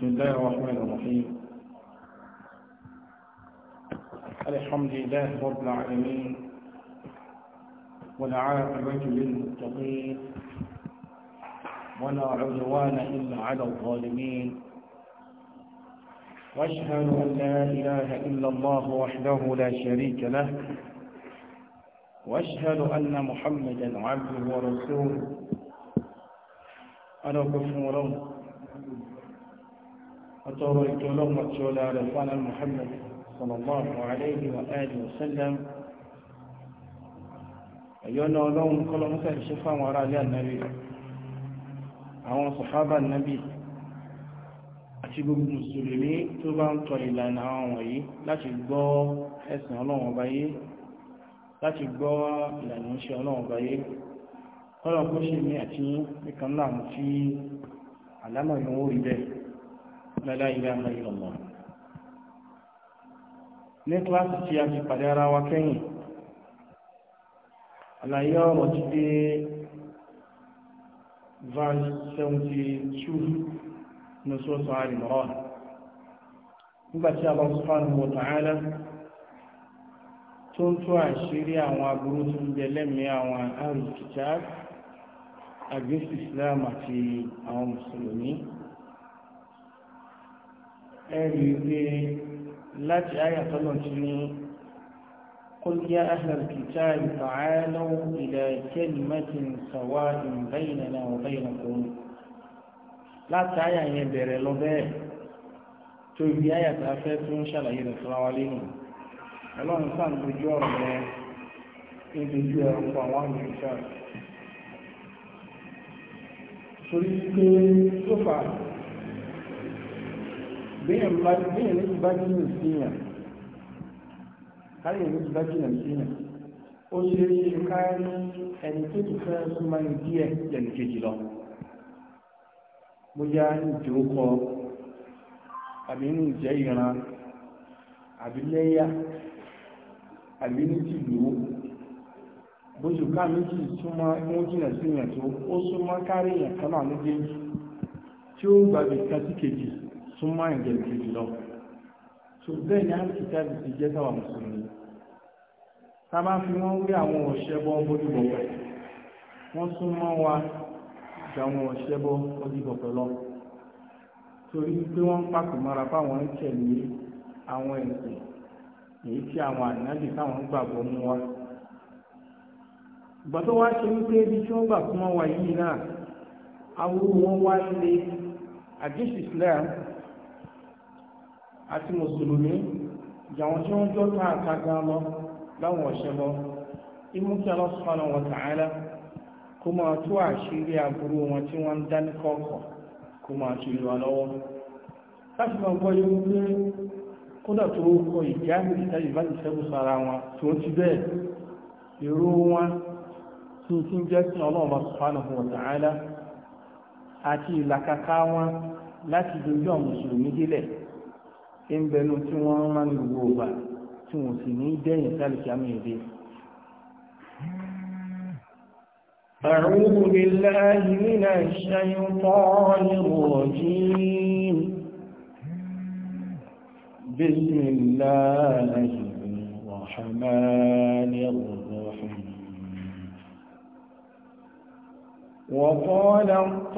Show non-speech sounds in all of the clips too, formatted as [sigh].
بسم الله الرحمن الرحيم الحمد لله رب العالمين والعاقبة للمتقين ولا عدوان إلا على الظالمين واشهد أن لا إله إلا الله وحده لا شريك له واشهد أن محمدا عبده ورسوله أنا كفر أتورى الكلام تولى رسول محمد صلى الله عليه وآله وسلم أيونا ولهم كل مثل شفا وراء النبي àwọn sọ̀hábà nábì àti gbogbo mùsùlùmí tó bá ń tọ̀ ìlànà àwọn wọ̀nyí láti gbọ́ ẹ̀sìn ọlọ́run ọba yé láti gbọ́ ìlànà ìṣẹ́ ọlọ́run ọba yé kọ́lọ̀ kó ṣe ní àti nìkan náà mú sí àlámọ̀ ìwọ̀n orí bẹ́ẹ̀ la ilaha illallah ní kíláàsì tí a ti pàdé ara wa kẹ́yìn àlàyé ọ̀rọ̀ ti dé verse seventy two ní sọ́sọ́ àrìmọ́ nígbà tí Allah subhanahu wa ta'ala tó ń tó àṣírí àwọn aburú tó ń jẹ lẹ́mìí àwọn àrùn kìtà against Islam àti àwọn mùsùlùmí ẹ̀rí pé láti àyà tọ́lọ̀ ti ní قل يا أهل الكتاب تعالوا إلى كلمة سواء بيننا وبينكم láti àyà yẹn bẹ̀rẹ̀ lọ bẹ́ẹ̀ tó ibi àyà tá a fẹ́ tó ń ṣàlàyé rẹ̀ fúnra wa lẹ́nu ọlọ́run sáà ń dojú ọ̀rọ̀ rẹ̀ ń dojú ẹ̀rọ fún àwọn àmì ìṣàlẹ̀ torí pé tó béèyàn bá béèyàn méjì bá jìnnà síyàn káyọ̀ méjì bá jìnnà síyàn ó ṣe é ṣe ká ndị ẹni tó ti fẹ́ súnmọ́ ní díẹ̀ lẹ́nu kejì lọ bóyá ìjókòó àbí ní ìjẹ́ ìran na súnmọ́ ẹ̀jẹ̀ kejì lọ tó bẹ́ẹ̀ ni áfíríkà ti jẹ́ sáwà mùsùlùmí tá a bá fi wọ́n wé àwọn ọ̀ṣẹ́bọ bójúbọ̀pẹ̀ wọ́n súnmọ́ wa ju àwọn ọ̀ṣẹ́bọ bójúbọ̀pẹ̀ lọ torí pé wọ́n ń pàkó mọ́ra fáwọn ń tẹ̀lé àwọn ẹ̀sìn èyí tí àwọn ànábì táwọn gbàgbọ́ mú wa ìgbà tó wá ṣe wípé ibi tí wọ́n gbà fún wa yìí náà awúrú wọn wá lé àdéṣì Islam àti mùsùlùmí jàwọn tí wọ́n jọ káàkà gan lọ láwọn ọ̀ṣẹ́ lọ imú kí Allah subhanahu wa ta'ala kó máa tú àṣírí aburú wọn tí wọ́n ń dá ní kọ̀ọ̀kọ̀ kó máa tú ìlú lọ́wọ́ láti máa gbọ́ yóò pé kódà tó kọ ìjà ìta ìbájú sára wọn tó ti bẹ́ẹ̀ èrò wọn tí ti ń jẹ́ sí ọlọ́ọ̀bá subhanahu wa ta'ala àti ìlàkàkà wọn láti dojú àwọn mùsùlùmí délẹ̀ ń bẹnu tí wọ́n ń rán ní gbogbo ọba tí wọ́n sì ní dẹ́yìn sálìkì àmì èdè. أعوذ بالله من الشيطان الرجيم بسم الله الرحمن الرحيم وقال الطائفة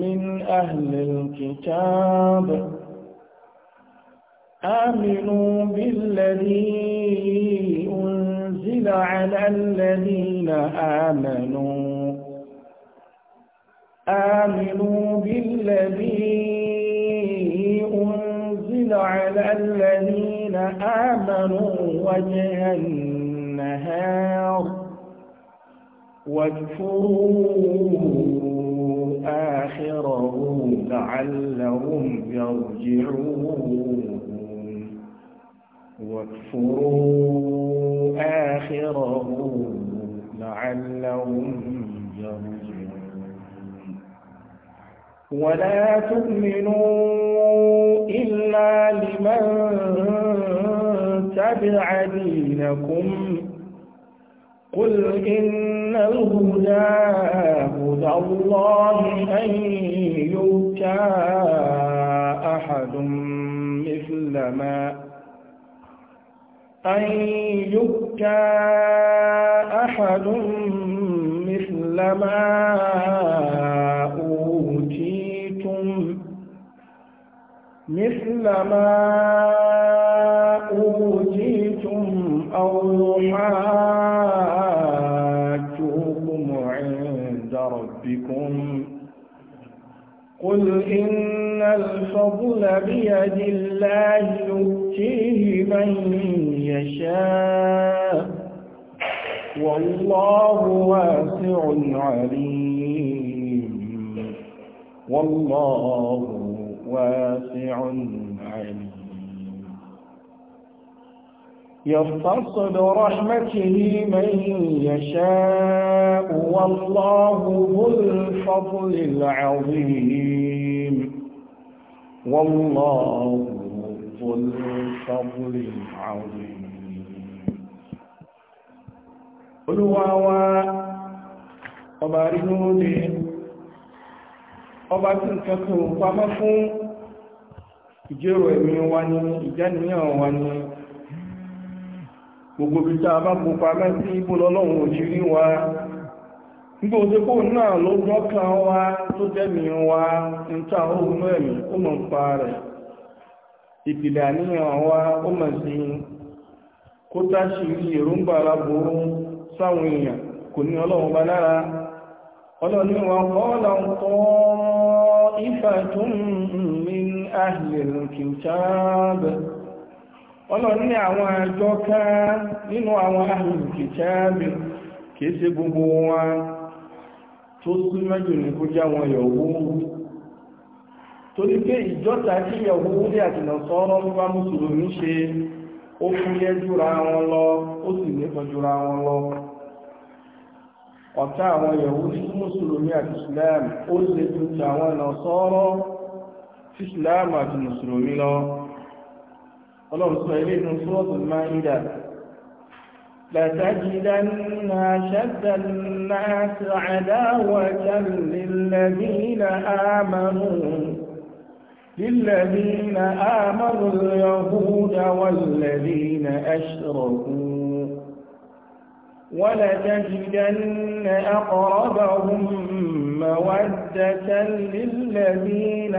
من أهل الكتاب آمنوا بالذي أنزل على الذين آمنوا آمنوا بالذي أنزل على الذين آمنوا وجه النهار واكفروا آخره لعلهم يرجعون واكفروا آخره لعلهم يرجعون ولا تؤمنوا إلا لمن تبع دينكم قل إن الهدى هدى الله أن يؤتى أحد مثل ما أن يؤتى أحد مثل ما أوتيتم مثل ما قل إن الفضل بيد الله يؤتيه من يشاء والله واسع عليم والله واسع عليم يختص برحمته من يشاء والله ذو الفضل العظيم والله ذو الفضل العظيم olúwa wa ọba rínú lè ọba tí nǹkan kan pamọ́ fún ìjẹ́rò ẹ̀mí wa ní ìjánìyàn wa ní gbogbo bí tá a bá pupa mẹ́sí ibò òjì wa nígbò tí kò náà ló wa tó jẹ́mi wa ń ta ohun ẹ̀mí ó mọ̀ ń pa rẹ̀ ìpìlẹ̀ àníyàn wa ó mọ̀ sí kó táṣì rí èròǹgbà aláboró sáwọn èèyàn kò ní ọlọ́run ọlọ́run ní àwọn àjọ kan nínú àwọn ahìlùkìtàbí kìí ṣe gbogbo wọn tó sí mẹ́jọ ní kó já wọn yọ̀wó torí pé ìjọta tí yọ̀wó ní àtìnà sọ́rọ́ nípa mùsùlùmí ṣe ó fúyẹ́ jùra wọn lọ ó sì nípa jùra wọn lọ ọ̀tá àwọn yọ̀wó ní mùsùlùmí àti ó ti àwọn lọ ọlọ́run sọ لتجدن أشد الناس عداوة للذين آمنوا للذين آمنوا اليهود والذين أشركوا ولتجدن أقربهم مودة للذين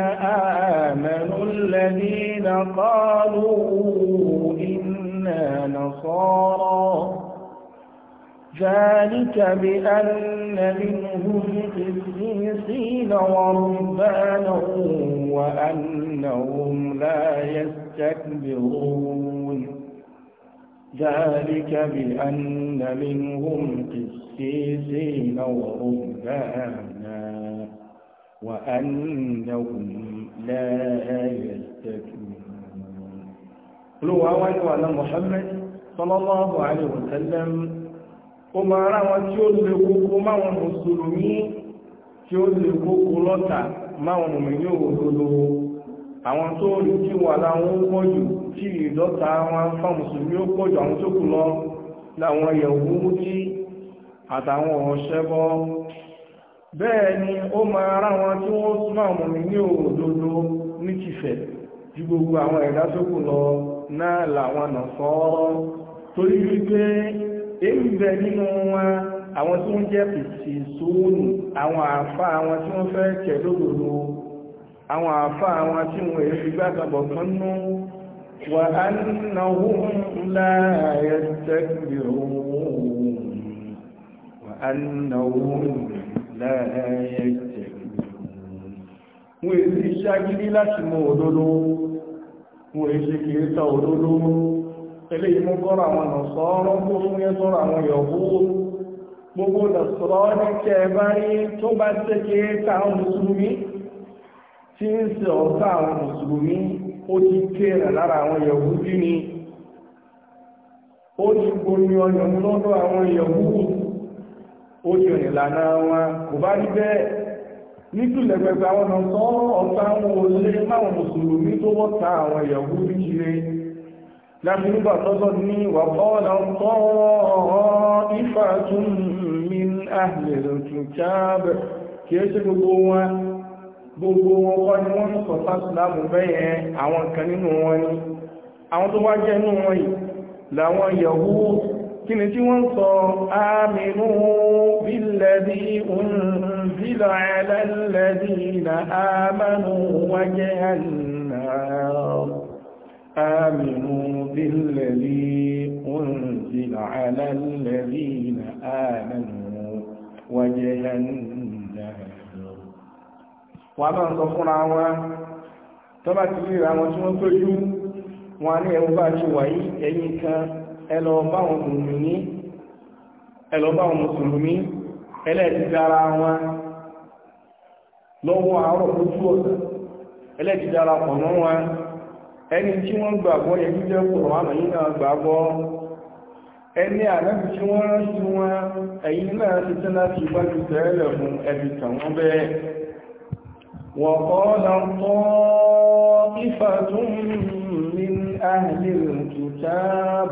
آمنوا الذين قالوا إنا نصارى ذلك بأن منهم قسيسين ورهبانا وأنهم لا يستكبرون ذلك بأن منهم قسيسين ورهبانا وأنهم لا يستكبرون قلوا أول وعلى محمد صلى الله عليه وسلم وما روى تيوزلقوك ما هو مسلمين تيوزلقوك لطا ما هو من يوزلو àwọn tó rí tí wà láwọn ó pọ̀ jù tí ìdọ́ta wọn fún mùsùlùmí ó pọ̀ jù àwọn tó kù lọ láwọn yẹ̀wò mú tí àtàwọn ọ̀ṣẹ́bọ́ bẹ́ẹ̀ ni ó máa wọn tí wọ́n súnmọ́ àwọn mi ní òdodo ní tìfẹ̀ ju gbogbo àwọn ẹ̀dá lọ náà làwọn nà sọ́ọ́rọ́ torí wípé èyí bẹ nínú wọn àwọn tí wọ́n jẹ́ pèsè sóònù àwọn àáfà àwọn tí wọ́n fẹ́ tẹ̀ lódodo àwọn àáfà kan nú wà á tẹ́kìlì wà láàáyẹ ìtẹ̀lẹ̀ wọ́n èsì iṣẹ́ láti mọ òdodo wọ́n èsì kìí ta òdodo tẹ́lẹ̀ ìmú àwọn nọ̀sọ́rọ̀ kó fún yẹ́ àwọn yọ̀bú gbogbo ni ó lọ́dọ̀ àwọn yọ̀bú ó ti rìn lànà wọn kò bá rí bẹ́ẹ̀ nípìnlẹ̀ pẹ̀pẹ̀ àwọn ọ̀nà sọ ọ̀tá wọn ò lé máwọn mùsùlùmí tó wọ́n ta àwọn ìyàwó rí kiri lábínúgbà tọ́tọ́ ní wàkọ́ọ̀nà tọ́ ìfà kí ni tí wọ́n sọ ámìnú bílẹ̀dí òǹzílọ̀ ẹlẹ́lẹ́dí na ámánú wájẹ́ ànàrọ̀ ámìnú bílẹ̀dí òǹzílọ̀ ẹlẹ́lẹ́dí na ámánú wájẹ́ ànàrọ̀ wọ́n máa sọ fúnra wọn tó rí àwọn tí wọ́n tójú wọn ní ẹ̀wọ́n bá ti wà yí ẹ̀yìn kan ẹlọ báwọn mùsùlùmí ẹlọ báwọn mùsùlùmí ẹlẹ́ẹ̀dìdára wọn lọ́wọ́ àárọ̀ ojú ọ̀sán ẹlẹ́ẹ̀dìdára pọ̀ mọ́ wọn ẹni tí wọ́n gbàgbọ́ yẹ jíjẹ́ pọ̀rọ̀ àmà yìí náà ẹni àdájú tí wọ́n rán sí wọn ẹ̀yìn náà ti tẹ́ láti ìbájú tẹ́ẹ̀lẹ̀ fún ẹbí tàwọn bẹ́ẹ̀ وقال طائفة من أهل الكتاب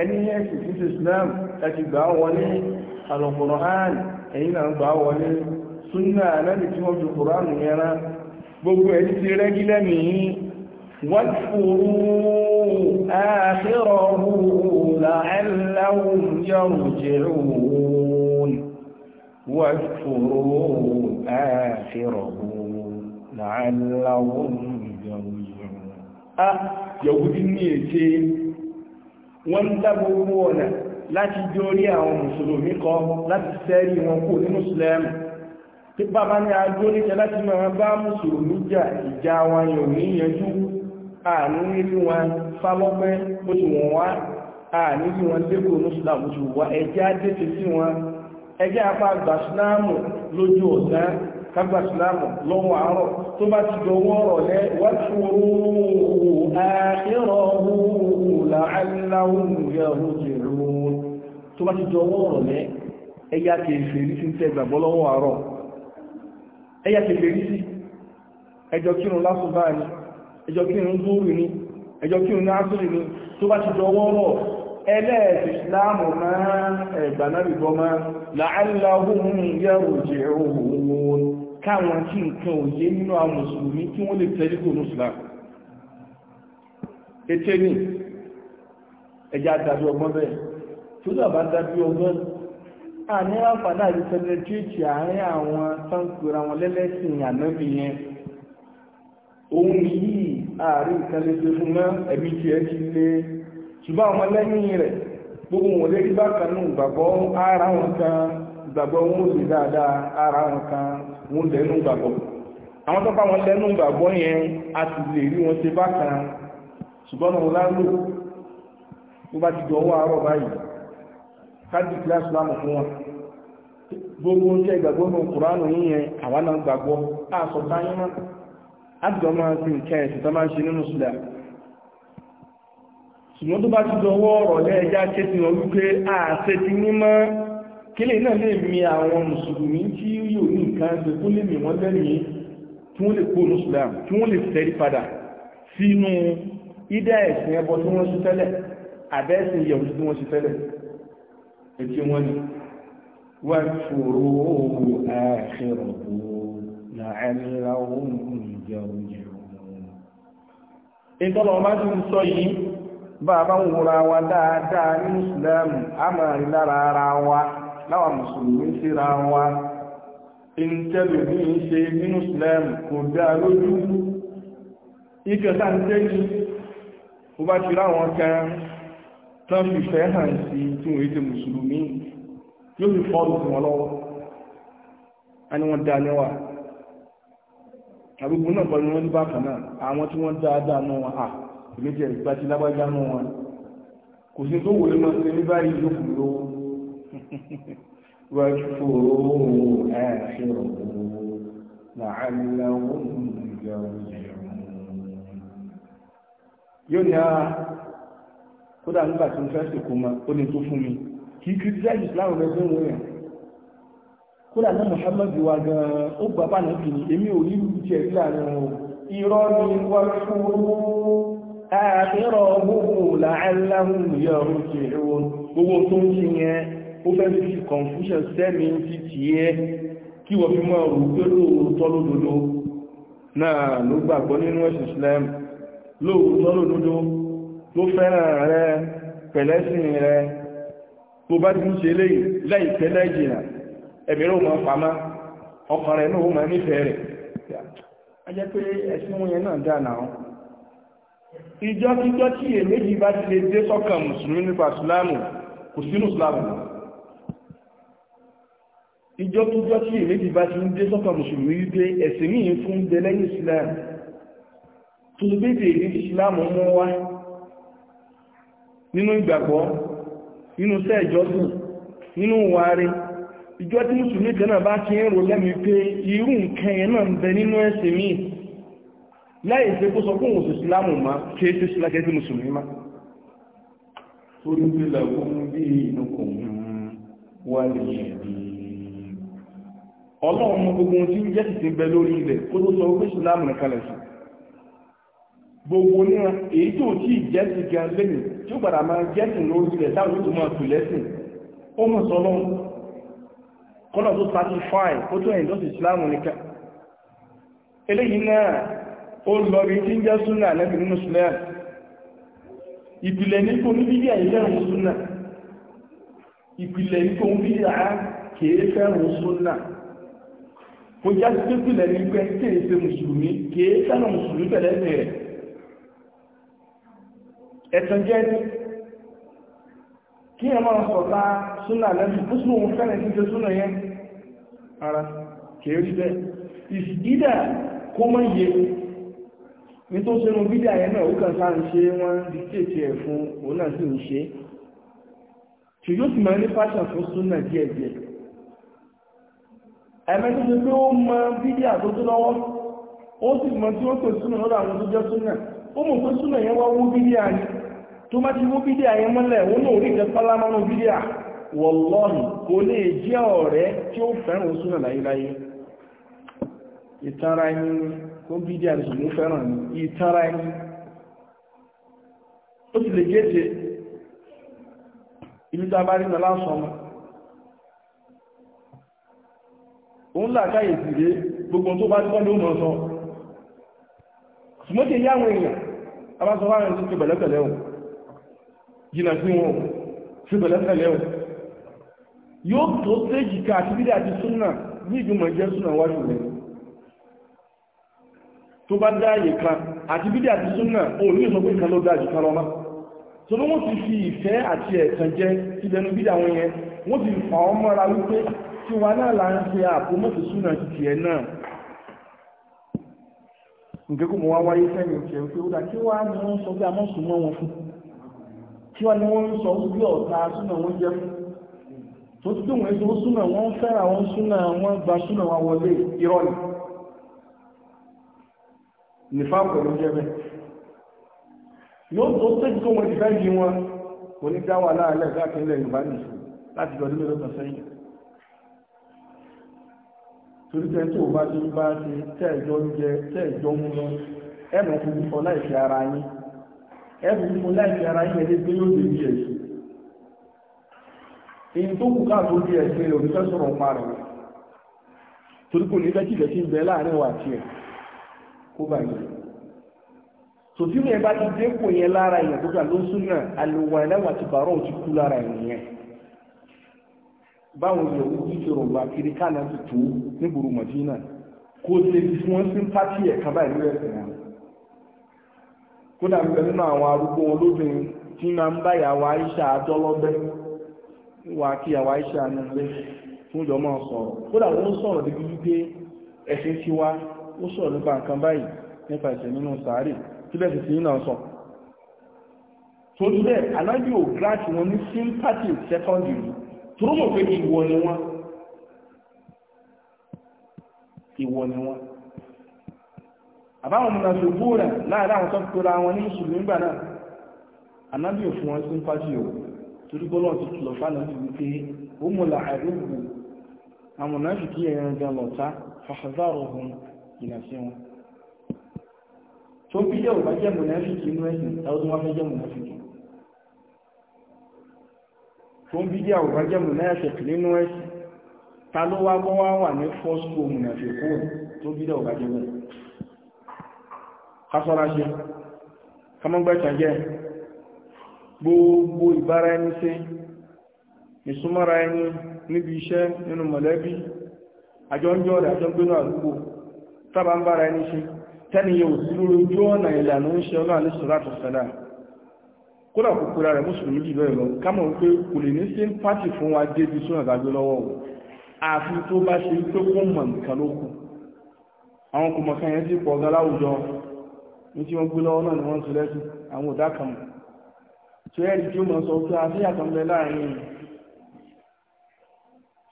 ẹni ẹ̀sì sí islam ẹ̀sì gbà wọlé alùkùrán ẹ̀yìn náà gbà wọlé súnà lẹ́bí tí wọ́n fi kùránù yẹra gbogbo ẹ̀yí ti rẹ́gí lẹ́mí wọ́n fòrò àṣírọ̀hù la'allahum yarji'un wọ́n fòrò àṣírọ̀hù wọ́n ń dá gbogbo ọ̀nà láti jẹ orí àwọn mùsùlùmí kan láti sẹ́rí wọn kò ní mùsùlùmí tí bàbá ní agbó níṣẹ́ láti máa bá mùsùlùmí jà ìjà wọn yóò ní yanjú àní rí wọn fálọ́pẹ́ bó ti wá àní rí wọn lẹ́kọ̀ọ́ mùsùlùmí wọn ẹjẹ́ apá kágbà ìsìláàmù lọ́wọ́ àárọ̀ tó bá ti dọwọ́ ọ̀rọ̀ lẹ́ wáṣúrú tó bá ti ẹyà ẹyà ni kírun ni kírun ni tó bá ti ẹlẹ́ẹ̀sì ìsìláàmù káwọn tí nǹkan òye nínú àwọn mùsùlùmí kí wọ́n lè tẹ́lẹ̀ kò nùsùlá ètè ní ẹjá dàbí ọgbọ́n bẹ́ẹ̀ tó dàbá dàbí ọgbọ́n a ní àǹfààní àti sẹlẹtíréètì àárín àwọn sáńkúra wọn lẹ́lẹ́sìn ànábì yẹn ohun yìí àárín ìtẹ́lẹ́sẹ̀ fún mọ́ ẹ̀mí tí ẹ ti lé ṣùgbọ́n àwọn lẹ́yìn rẹ̀ gbogbo wọn lè rí bákan náà gbàgbọ́ ara wọn kan gbàgbọ́ wọn ò lè dáadáa ara wọn kan wọn lẹ́nu gbàgbọ́ àwọn tó bá wọn lẹ́nu gbàgbọ́ yẹn a ti lè rí wọn ṣe bákan ṣùgbọ́n wọn lálò tó bá ti jọ owó àárọ̀ báyìí káàdì kíláàsì láàmù fún wọn gbogbo oúnjẹ ìgbàgbọ́ ní kùránù yíyẹn àwọn náà gbàgbọ́ àṣọ báyìí mọ́ àjọ máa fi nǹkan ẹ̀sìn tó máa ń ṣe nínú sílẹ̀ ṣùgbọ́n tó bá ti jọ owó ọ̀rọ̀ lẹ́ẹ̀já ké kílè náà lè mi àwọn mùsùlùmí tí yóò ní nǹkan ṣe tó lè mì wọ́n lẹ́mìí tí wọ́n lè kó ní islam tí wọ́n lè tẹ̀rí padà sínú ìdá ẹ̀sìn ẹbọ tí wọ́n ṣe tẹ́lẹ̀ àbẹ́sìn ìyẹ̀wò tí wọ́n ṣe tẹ́lẹ̀ ètí wọ́n ni wọ́n fòrò òhù àṣírò na ẹnira ohun ìjẹunjẹ ìtọ́lọ̀ ọmọ tí ń sọ yìí bá ń wúra wa dáadáa ní islam á máa ara wa láwọn mùsùlùmí síra wa ìntẹ́lù ní ṣe nínú islam kò dá lójú ìkẹta ń tẹ́lù ó bá ti ráwọn kan tán fi fẹ́ hàn sí tí wọ́n ètè mùsùlùmí yóò fi fọ́ọ̀lù sí wọn lọ́wọ́ a ní wọ́n dá níwà àgbègbè náà pẹ̀lú wọn ní bákan náà àwọn tí wọ́n dáadáa náà wọn à ìgbésẹ̀ ìgbà tí lágbájá náà wọn kò sí tó wòlé mọ́ sí ní báyìí yóò kù lówó [laughs] واكفروا آخره لعلهم يرجعون يونا kódà nígbà tí mo fẹ́ sèkó ma ó lè tó fún mi kì í kìrìtìsáìsì láwọn ẹgbẹ́ wọn yẹn kódà náà Muhammadu wa gan-an ó gbà bá nàbì ní èmi ò ní lùú tiẹ̀ sílẹ̀ àárín wọn irọ́ ni wọ́n fún un àkírọ̀ gbogbo làálàhùn yọ̀ọ́ ṣe gbogbo tó ń ṣe yẹn ó fẹ́ fi confusion sẹ́mi ti tì ẹ́ kí wọ́n fi mọ́ ọ̀rọ̀ pé lóòótọ́ lódodo náà ló gbàgbọ́ nínú ẹ̀sìn Islam lóòótọ́ lódodo ló fẹ́ràn rẹ pẹ̀lẹ́sìn rẹ tó bá tún ṣe lè láì tẹ́lẹ̀ jìnà ẹ̀mí ló máa pamá ọkàn rẹ̀ náà máa nífẹ̀ẹ́ rẹ̀ a jẹ́ pé ẹ̀sìn wọn yẹn náà dà náà ìjọ kíjọ tí èméjì bá ti lè dé sọ́kàn mùsùlùmí nípa ìsìláàmù kò sínú ìsìláàmù náà ìjọkíjọ́ tí èméjì bá ti ń dé sọ́kàn mùsùlùmí wípé ẹ̀sìn míì fún bẹ lẹ́yìn islam tó ló bèèrè ní islam mú wá nínú ìgbàgbọ́ nínú sẹ́ ìjọsìn nínú wàárí ìjọ tí mùsùlùmí kanáà bá ti ń rò lẹ́mi pé irú nǹkan yẹn náà ń bẹ nínú ẹ̀sìn míì láì ṣe kó sọ fún òsì islam ma kí é sí sílákẹ́sí mùsùlùmí ma torí pé làwọn bí inú kò wọ́n wà lè yẹ̀ bí ọlọ́run mọ gbogbo ohun tí ó jẹ́ sì ti bẹ lórí ilẹ̀ kó tó sọ pé ìsìláàmù nìkan lẹ̀ sí gbogbo níra èyí tó tí ìjẹ́ sí gan lẹ́yìn tí ó padà máa jẹ́ sí lórí ilẹ̀ táwọn tó máa tù lẹ́sìn ó mọ̀ sọ lọ́run kọ́nà tó satisfy ó tó ẹ̀yìn tó sì ìsìláàmù nìkan eléyìí náà ó lọ rí tí ń jẹ́ súnà lẹ́bi nínú súnà ìpìlẹ̀ ní kò ní bíbí àìfẹ́ràn súnà ìpìlẹ̀ ní ní bíbí àá kèé fẹ́ràn súnà kò já sí pé sílẹ̀ ní pé tí èyí ṣe mùsùlùmí kìí sánà mùsùlùmí tẹ̀lé ẹ̀sẹ̀ rẹ̀ ẹ̀sàn jẹ́ ní kí ẹ máa sọ̀tá súnà lẹ́bí fúsùn òun fẹ́rẹ̀ sí ṣe súnà yẹn ara kìí rí bẹ́ẹ̀ ìsìdídà kó mọ́ yẹ ní tó ṣe rún bídà yẹn náà ó kàn sáà ń ṣe wọ́n di kéèkì ẹ̀ fún òun náà sì ń ṣe ṣùgbọ́n sì máa ní fásà fún súnà díẹ̀díẹ̀ eme tó pé ó mọ bídí àtúntò lọ́wọ́ ó sì mọ tí ó pè súnà lọ́dọ̀ àwọn tó jẹ́ súnà ó mọ̀ pé eji yẹn wá wú bídí àní tó má ti wú mọ́lẹ̀ ó náà ìjẹ́ à kò lè jẹ́ ọ̀rẹ́ tí ó fẹ́ràn súnà láyéláyé ìtara ẹni ibi tá a bá rí òun làkáyè sì ré gbogbo tó bá tọ́ ló mọ̀ sọ ṣùgbọ́n kí yáwọn èèyàn a bá sọ wáyé sí pẹ̀lẹ́pẹ̀lẹ́ wọn jìnà sí wọn sí pẹ̀lẹ́pẹ̀lẹ́ wọn yóò tó séjì ká àti bídí àti súnà ní ìjùmọ̀ jẹ́ súnà wájú rẹ̀ tó bá dáyè kan àti bídí àti súnà òun ní ìsọpé kan ló dájú kan lọ́mọ́ tó ló wọ́n ti fi ìfẹ́ àti ẹ̀tàn jẹ́ síbẹ̀nu bídí àwọn yẹn wọ́n ti fà ọ́ mọ́ra wípé tí wọn náà là ń ṣe ààbò mọ́tò súnà tiẹ̀ náà nǹkan kó mo wá wáyé sẹ́yìn òkè òkè ó kí wọ́n á ní wọ́n sọ bí amọ́sùn mọ́ wọn fún kí wọ́n ní wọ́n sọ bí ọ̀tá súnà wọn jẹ́ fún tó ti dùn wọ́n tó súnà wọ́n fẹ́ra wọn súnà wọ́n gba súnà wa wọlé irọ́ ni nìfà pẹ̀lú jẹ́ yóò tó tẹ́jú tó wọn ti fẹ́ yí wọn kò ní dá wà láàlẹ́ káàkiri ilẹ̀ Yorùbá nìfò láti lọ nílẹ̀ lọ́tọ̀ sẹ́yìn torípé tó o bá ti bá ṣe tẹ́ẹ̀jọ́ ń jẹ tẹ́ẹ̀jọ́ mú lọ fún fún láìsí ara yín ẹ̀mù fún láìsí ara yín ẹni pé yóò dé bí ẹ̀sìn èyí tó kù káàtó bí ẹ̀sìn rẹ̀ òfífẹ́ torí kò ní ń bẹ láàrin kó bá bá ti yẹn lára yẹn báwọn yòówù ṣe rògbà kiri káàná ti tó níbùrú mọ̀dínà kó ṣe tí wọ́n ti ń ẹ̀ka báyìí ẹ̀sìn wọn. kódà ń bẹ nínú àwọn arúgbó wọn lóbìnrin tí máa ń báyà wa Aisha àtọ́lọ́bẹ́ wà kí àwa Aisha nílé fún ìjọ máa sọ̀rọ̀ kódà wọ́n sọ̀rọ̀ débi wípé ẹ̀sìn tiwa ó sọ̀rọ̀ nípa nǹkan báyìí nípa ẹ̀sìn nínú sàárè tí bẹ́ẹ̀ sì ò gíláàsì wọn ní tó mọ̀ pé ìwọ ni wọ́n ìwọ ni wọ́n àbáwọn múnà fi búrẹ̀ láàrin àwọn tó pèrà wọn ní ìṣùgbọ́n nígbà náà anábì òfin wọn sí ń fájì ò torí bọ́lọ̀ ti kìlọ̀ fánà ti wípé ó mú la àìrúgbù àwọn náà fi kí ẹran gan lọ́ta fàfàzà ọ̀hún ìnà sí wọn tó bí yẹ́ ò bá jẹ́ mọ̀nà fi kí inú ẹ̀sìn ẹ̀rọ tó wá fẹ́ jẹ́ mọ̀nà fi kí tó ń bídí àwòrán jẹ́ mùnáfíkì nínú ẹ̀sìn ta ló wá bọ́ wá wà ní fọ́sùkò mùnáfíkù tó bídí àwòrán jẹ́ mùnáfíkù kásọ́ra ṣe kamọ́gbẹ́sàn jẹ́ gbogbo ìbára ẹni sí ìsúnmọ́ra ẹni níbi iṣẹ́ nínú mọ̀lẹ́bí àjọ ń jọ́ rẹ̀ àjọ gbénú àdúgbò tábà ń bára ẹni sí tẹ́niyẹ òsìlú ojú ọ̀nà ìlànà ń ṣe ọlọ́ àlẹ́sọ̀rọ̀ àtọ̀sẹ̀lá kódà kòkó rẹ̀ mùsùlùmí jù bẹ́ẹ̀ lọ ká mọ̀ pé kò lè ní sí pàtì fún wa débi sún àgbàgbé lọ́wọ́ o àfi tó bá ṣe pé kó mọ̀ nǹkan ló kù àwọn kò mọ̀ kan yẹn ti pọ̀ gan láwùjọ ní tí wọ́n gbé lọ́wọ́ náà ni wọ́n ti lẹ́sìn àwọn òdá kan mọ̀ tó ẹ̀rí tí ó mọ̀ sọ pé àfíyàtọ̀ ń bẹ láàrin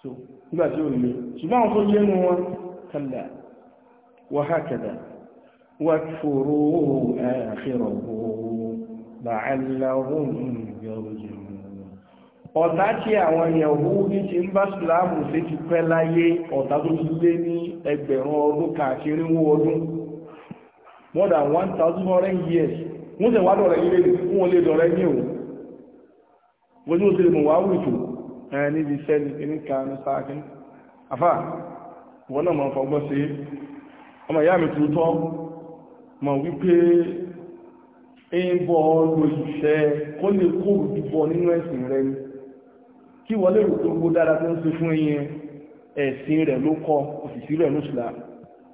so nígbà tí ó lè ṣùgbọ́n àwọn tó lé nu wọn kàlà wàhákàdà wàkfòrò àfihàn làálàáhùn yọrùjùmù ọ̀tá tí àwọn Yẹhudi ti ń bá sùlámù sí ti pẹ́ láyé ọ̀tá tó ti lé ní ẹgbẹ̀rún ọdún káàkiri wó ọdún more than 1,000 years wọ́n tẹ̀ wá dọ̀rẹ́ ilé ní wípé ẹ̀bọ̀ ọlọ ìṣẹ́ kó lè kó òdúbọ nínú ẹ̀sìn rẹ̀ ni kí wọlé rò tó gbó dára tó ń ṣe fún ẹyẹ ẹ̀sìn rẹ̀ ló kọ òṣìṣì rẹ̀ lóṣìlá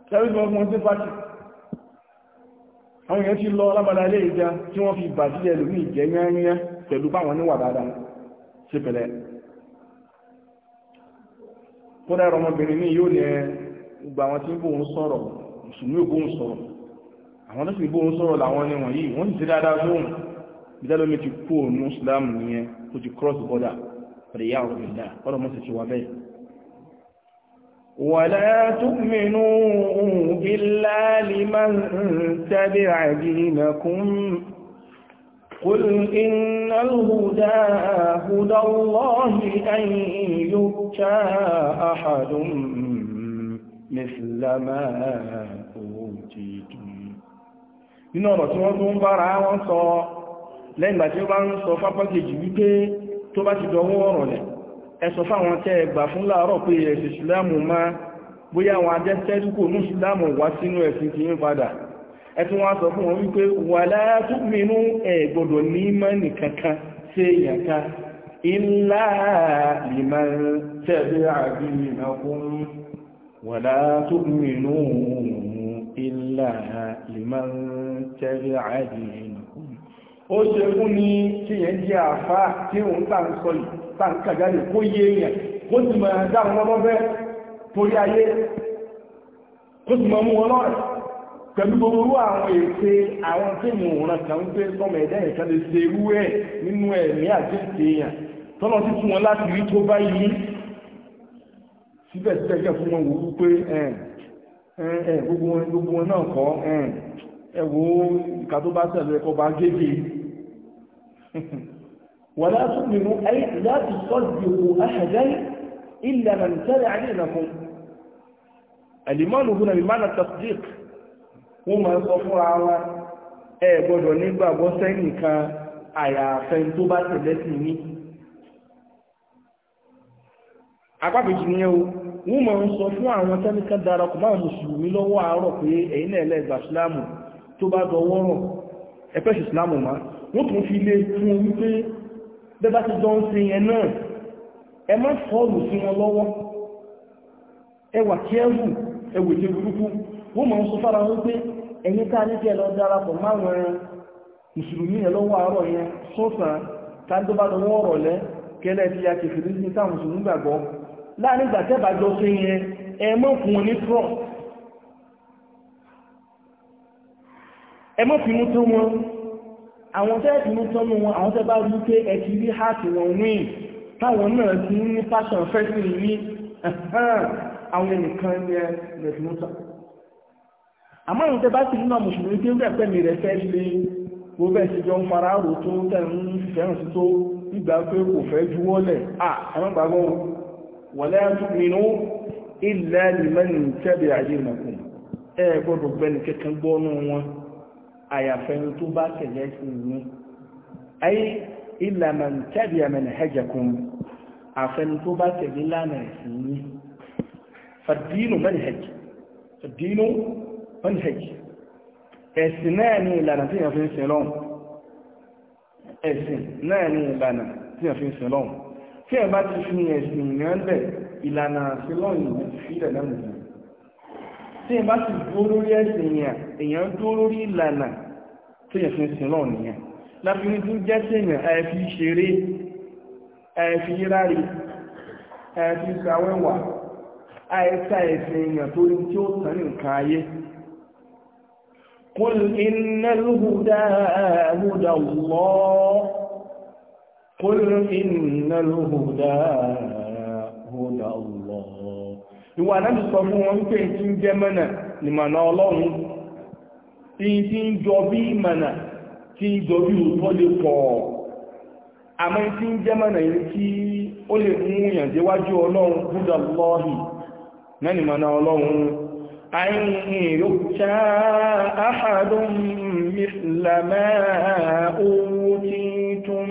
sẹ́rí tí wọ́n fún ọdún pàtì àwọn èèyàn ti lọ lábàdà ilé ìjà tí wọ́n fi bàjílẹ̀ lómi ìjẹ́ yányá pẹ̀lú báwọn níwà dáadáa ṣe pẹ̀lẹ́ kódà ọmọbìnrin ní yóò ní gbogbo àwọn tí ń bò ń sọ̀rọ̀ mùsùlùmí ògbóhùn sọ̀rọ̀ àwọn tó sì bóun sọ̀rọ̀ làwọn ni wọ̀nyí wọ́n sì ti dáadáa sóhun ìdálómi ti kú òun islam nìyẹn tó ti cross border pẹ̀lú ìyá ọ̀rọ̀ ìdá ọ̀rọ̀ mọ́sí ti wà bẹ́ẹ̀ ولا تؤمنوا إلا لمن تبع دينكم قل إن الهدى هدى الله أن يبتى أحد مثل ما أوتيتم nínú ọ̀rọ̀ tí wọ́n tó ń bára wọ́n sọ lẹ́yìngbà tí ó bá ń sọ fápá kejì wípé tó bá ti dọwọ́ ọ̀rọ̀ lẹ̀ ẹ sọ fáwọn tẹ́ ẹgbà fún láàárọ̀ pé ẹ̀sìn ìsìlámù má bóyá àwọn adẹ́tẹ́rúkò ní ìsìlámù wá sínú ẹ̀sìn ti ń padà ẹ tún wá sọ fún wọn wípé wà látúmínú ẹ ní mọ́nì kankan sí èèyàn ilá ìmọ̀ tẹ̀lé àbí ìnákún wà látúmínú ìlà lèmọ́ tẹ́rẹ àìdìrì nìkú ó ṣe fún ní tí yẹn jẹ́ àfá tí òun tà ń sọ yìí tà ń kàgálẹ̀ kó yé èèyàn kó sì mọ̀ dáhùn lọ́wọ́ bẹ́ torí ayé kó sì mọ̀ mú wọn lọ́rẹ̀ pẹ̀lú gbogbo àwọn ète àwọn tí mi ò ràn kàn ń gbé sọmọ ẹ̀dá ẹ̀ka lè ṣe irú ẹ̀ nínú ẹ̀mí àti èèyàn tọ́nà sí fún wọn láti rí tó bá yìí síbẹ̀síbẹ̀ jẹ́ fún wọn wò wípé gbogbo wọn náà kọ́ ẹ̀wò ìka tó bá tẹ̀lé ẹ̀kọ́ bá gégé [laughs] wọ́n láti mímú ayé láti sọ́dìkò ahàjẹ́ ìlànà ìtẹ́lẹ̀ ayé ìlànà alìmọ́nù hùnà ìmánà tasdik wọ́n ma sọ fún ara ẹ nígbàgbọ́ sẹ́yìn kan àyàfẹ́ tó bá tẹ̀lẹ́sìn yìí apákejì ni o wọ́n máa ń sọ fún àwọn tẹ́nìkan darapọ̀ máa mùsùlùmí lọ́wọ́ àárọ̀ pé ẹ̀yin náà lẹ́gbà sílámù tó bá dọwọ́ rọ̀ ẹ̀fẹ́sì sílámù má wọ́n tún fi lé fún wípé bẹ́bá ti jọ ń sin yẹn náà ẹ má fọ́ọ̀lù sí wọn lọ́wọ́ ẹwà kẹ́ẹ̀rù ẹwà ètò burúkú wọ́n máa ń sọ fára wọn pé ẹ̀yin tá ní kẹ́ lọ darapọ̀ máwọn mùsùlùmí láàrin ìgbà tẹ́bà jọ sí yẹn ẹmọ́ fún wọn ní trọ́ ẹmọ́ fi mú tó wọn àwọn tẹ́ fi mú tó wọn àwọn tẹ́ bá rú rí háàtì wọn wíìn táwọn náà ti ń ní fashion fẹ́sìn rí àwọn ẹnìkan ní ẹ fi mú tó àmọ́ ìrùn tẹ́ bá sì nínú àmùsùlùmí tí ó rẹ̀ pẹ̀mí rẹ̀ fẹ́ lé gbogbo ẹ̀sìn jọ ń fara rò tó tẹ̀ ń fẹ́ràn sí tó ìgbà pé kò fẹ́ juwọ́lẹ̀ à ẹ̀mọ́gbàgbọ́ wala tu'minu illa liman tabi'a dinakum ẹ gbọ́dọ̀ gbẹ́ni kankan gbọ́nú wọn àyàfẹ́ni tó bá tẹ̀lé sí yín ayé illa man tabi'a manhajakum àfẹ́ni tó bá tẹ̀lé lánàá sí yín ẹ̀sìn náà ni ìlànà tí yàn fi ń sin lọ́wọ́ tí ẹ̀ bá ti fi ẹ̀sìn ìyàn ìlànà àṣelọ́yìn ti fílẹ̀ náà nìyẹn tí ẹ̀ bá ti dúró lórí ẹ̀sìn ìyàn èèyàn dúró lórí ìlànà tí ẹ̀ fi ń sin lọ́ọ̀ nìyẹn lábìrin tó jẹ́ sí èèyàn ẹ̀fí ṣeré ẹ̀fí ráre ẹ̀fí sàwẹ́wà àìsà ẹ̀sìn èèyàn قل إن الهدى هدى الله ìwà na sọ fún wọn nke tí ń jẹ́ mẹ́nà ìmọ̀nà ọlọ́run tí tí ń jọ bí ìmọ̀nà tí ń jọ bí òótọ́ lè pọ̀ àmọ́ tí ń jẹ́ mẹ́nà yìí tí ó lè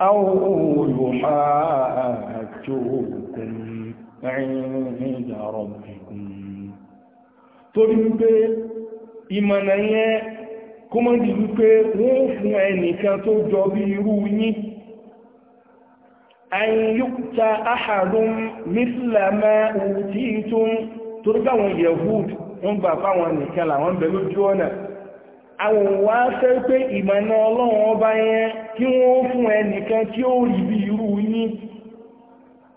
أو عند ربكم torí wípé ìmọ̀nà yẹn kó mọ́ di wípé wọ́n fún ẹnìkan tó jọ bí irú yín ayyukta ahadun mislama òtítún torí báwọn yahud wọ́n gbà fáwọn nìkan làwọn bẹ̀lú jọ́nà àwọn òwà fẹ́ pé ìmọ̀nà ọlọ́run ọba yẹn kí wọ́n fún ẹnìkan tí ó rí bí irú yín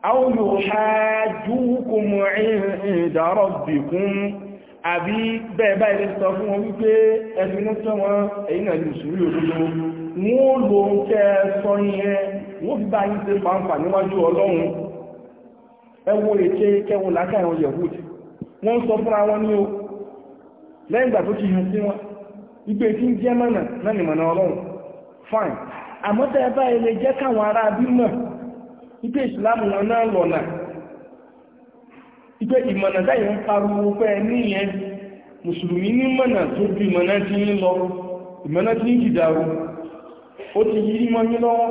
àwọn yóò ṣáájú kò mọ̀ ìdárọ̀ bìkún àbí bẹ́ẹ̀ báyìí sọ fún wọn wípé ẹ̀fínú tán wọn èyí náà lè sùúrù òdodo wọ́n lò ń tẹ́ sọ yẹn wọ́n fi bá yín ṣe fàǹfà níwájú ọlọ́run ẹwọ́ ètè kẹwọn làákà àwọn yẹ̀húdì wọ́n sọ fúnra wọn ní o lẹ́yìn ìgbà tó ti yàn sí wọn ìgbé tí ń jẹ́ mọ́nà náà ni mọ̀nà ọlọ́run fine àmọ́tẹ́ ẹbá ilẹ̀ jẹ́ káwọn ará bí mọ̀ ìsìlámù wọn náà lọ̀nà ìgbé ìmọ̀nà dáyẹ̀ ń pariwo pẹ́ níyẹn mùsùlùmí ní mọ̀nà tó bí ìmọ̀nà tí ń lọ ìmọ̀nà tí ń ó ti yí mọ́ yín lọ́wọ́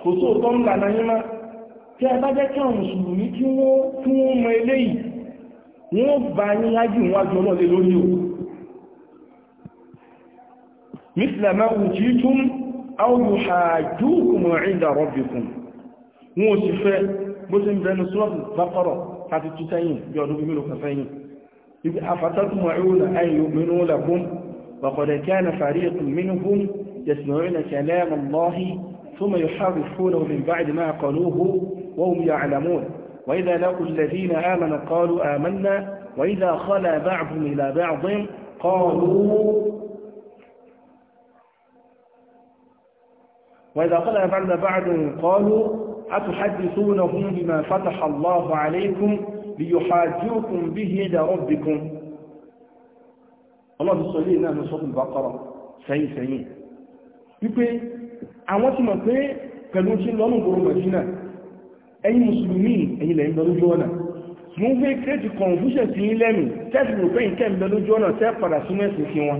kò sóòtọ́ ń lànà yín tí ẹ bá jẹ́ káwọn mùsùlùmí wọ́n mọ eléyìí wọ́n bá yín مثل ما أوتيتم أو يحاجوكم عند ربكم موسفة بسم بين سورة البقرة حتى تتين يقولوا بميلوا كفين أفتطمعون أن يؤمنوا لكم وقد كان فريق منهم يسمعون كلام الله ثم يحرفونه من بعد ما قالوه وهم يعلمون وإذا لقوا الذين آمنوا قالوا آمنا وإذا خلا بعضهم إلى بعض قالوا وإذا قال بعد بعد قالوا أتحدثونهم بما فتح الله عليكم ليحاجوكم به إلى ربكم الله صلي الله من صوت البقرة سيء سيء wípé àwọn tí mọ̀ pé pẹ̀lú tí lọ́nà gbogbo mẹ̀sínà ẹ̀yin mùsùlùmí ẹ̀yin lẹ́yìn lọ lójú ọ̀nà mú ń gbé kírètì confusion sí ilẹ́mì tẹ́sì rò pé ìkẹ́ ìlọ ọ̀nà tẹ́ padà sínú ẹ̀sìn sí wọn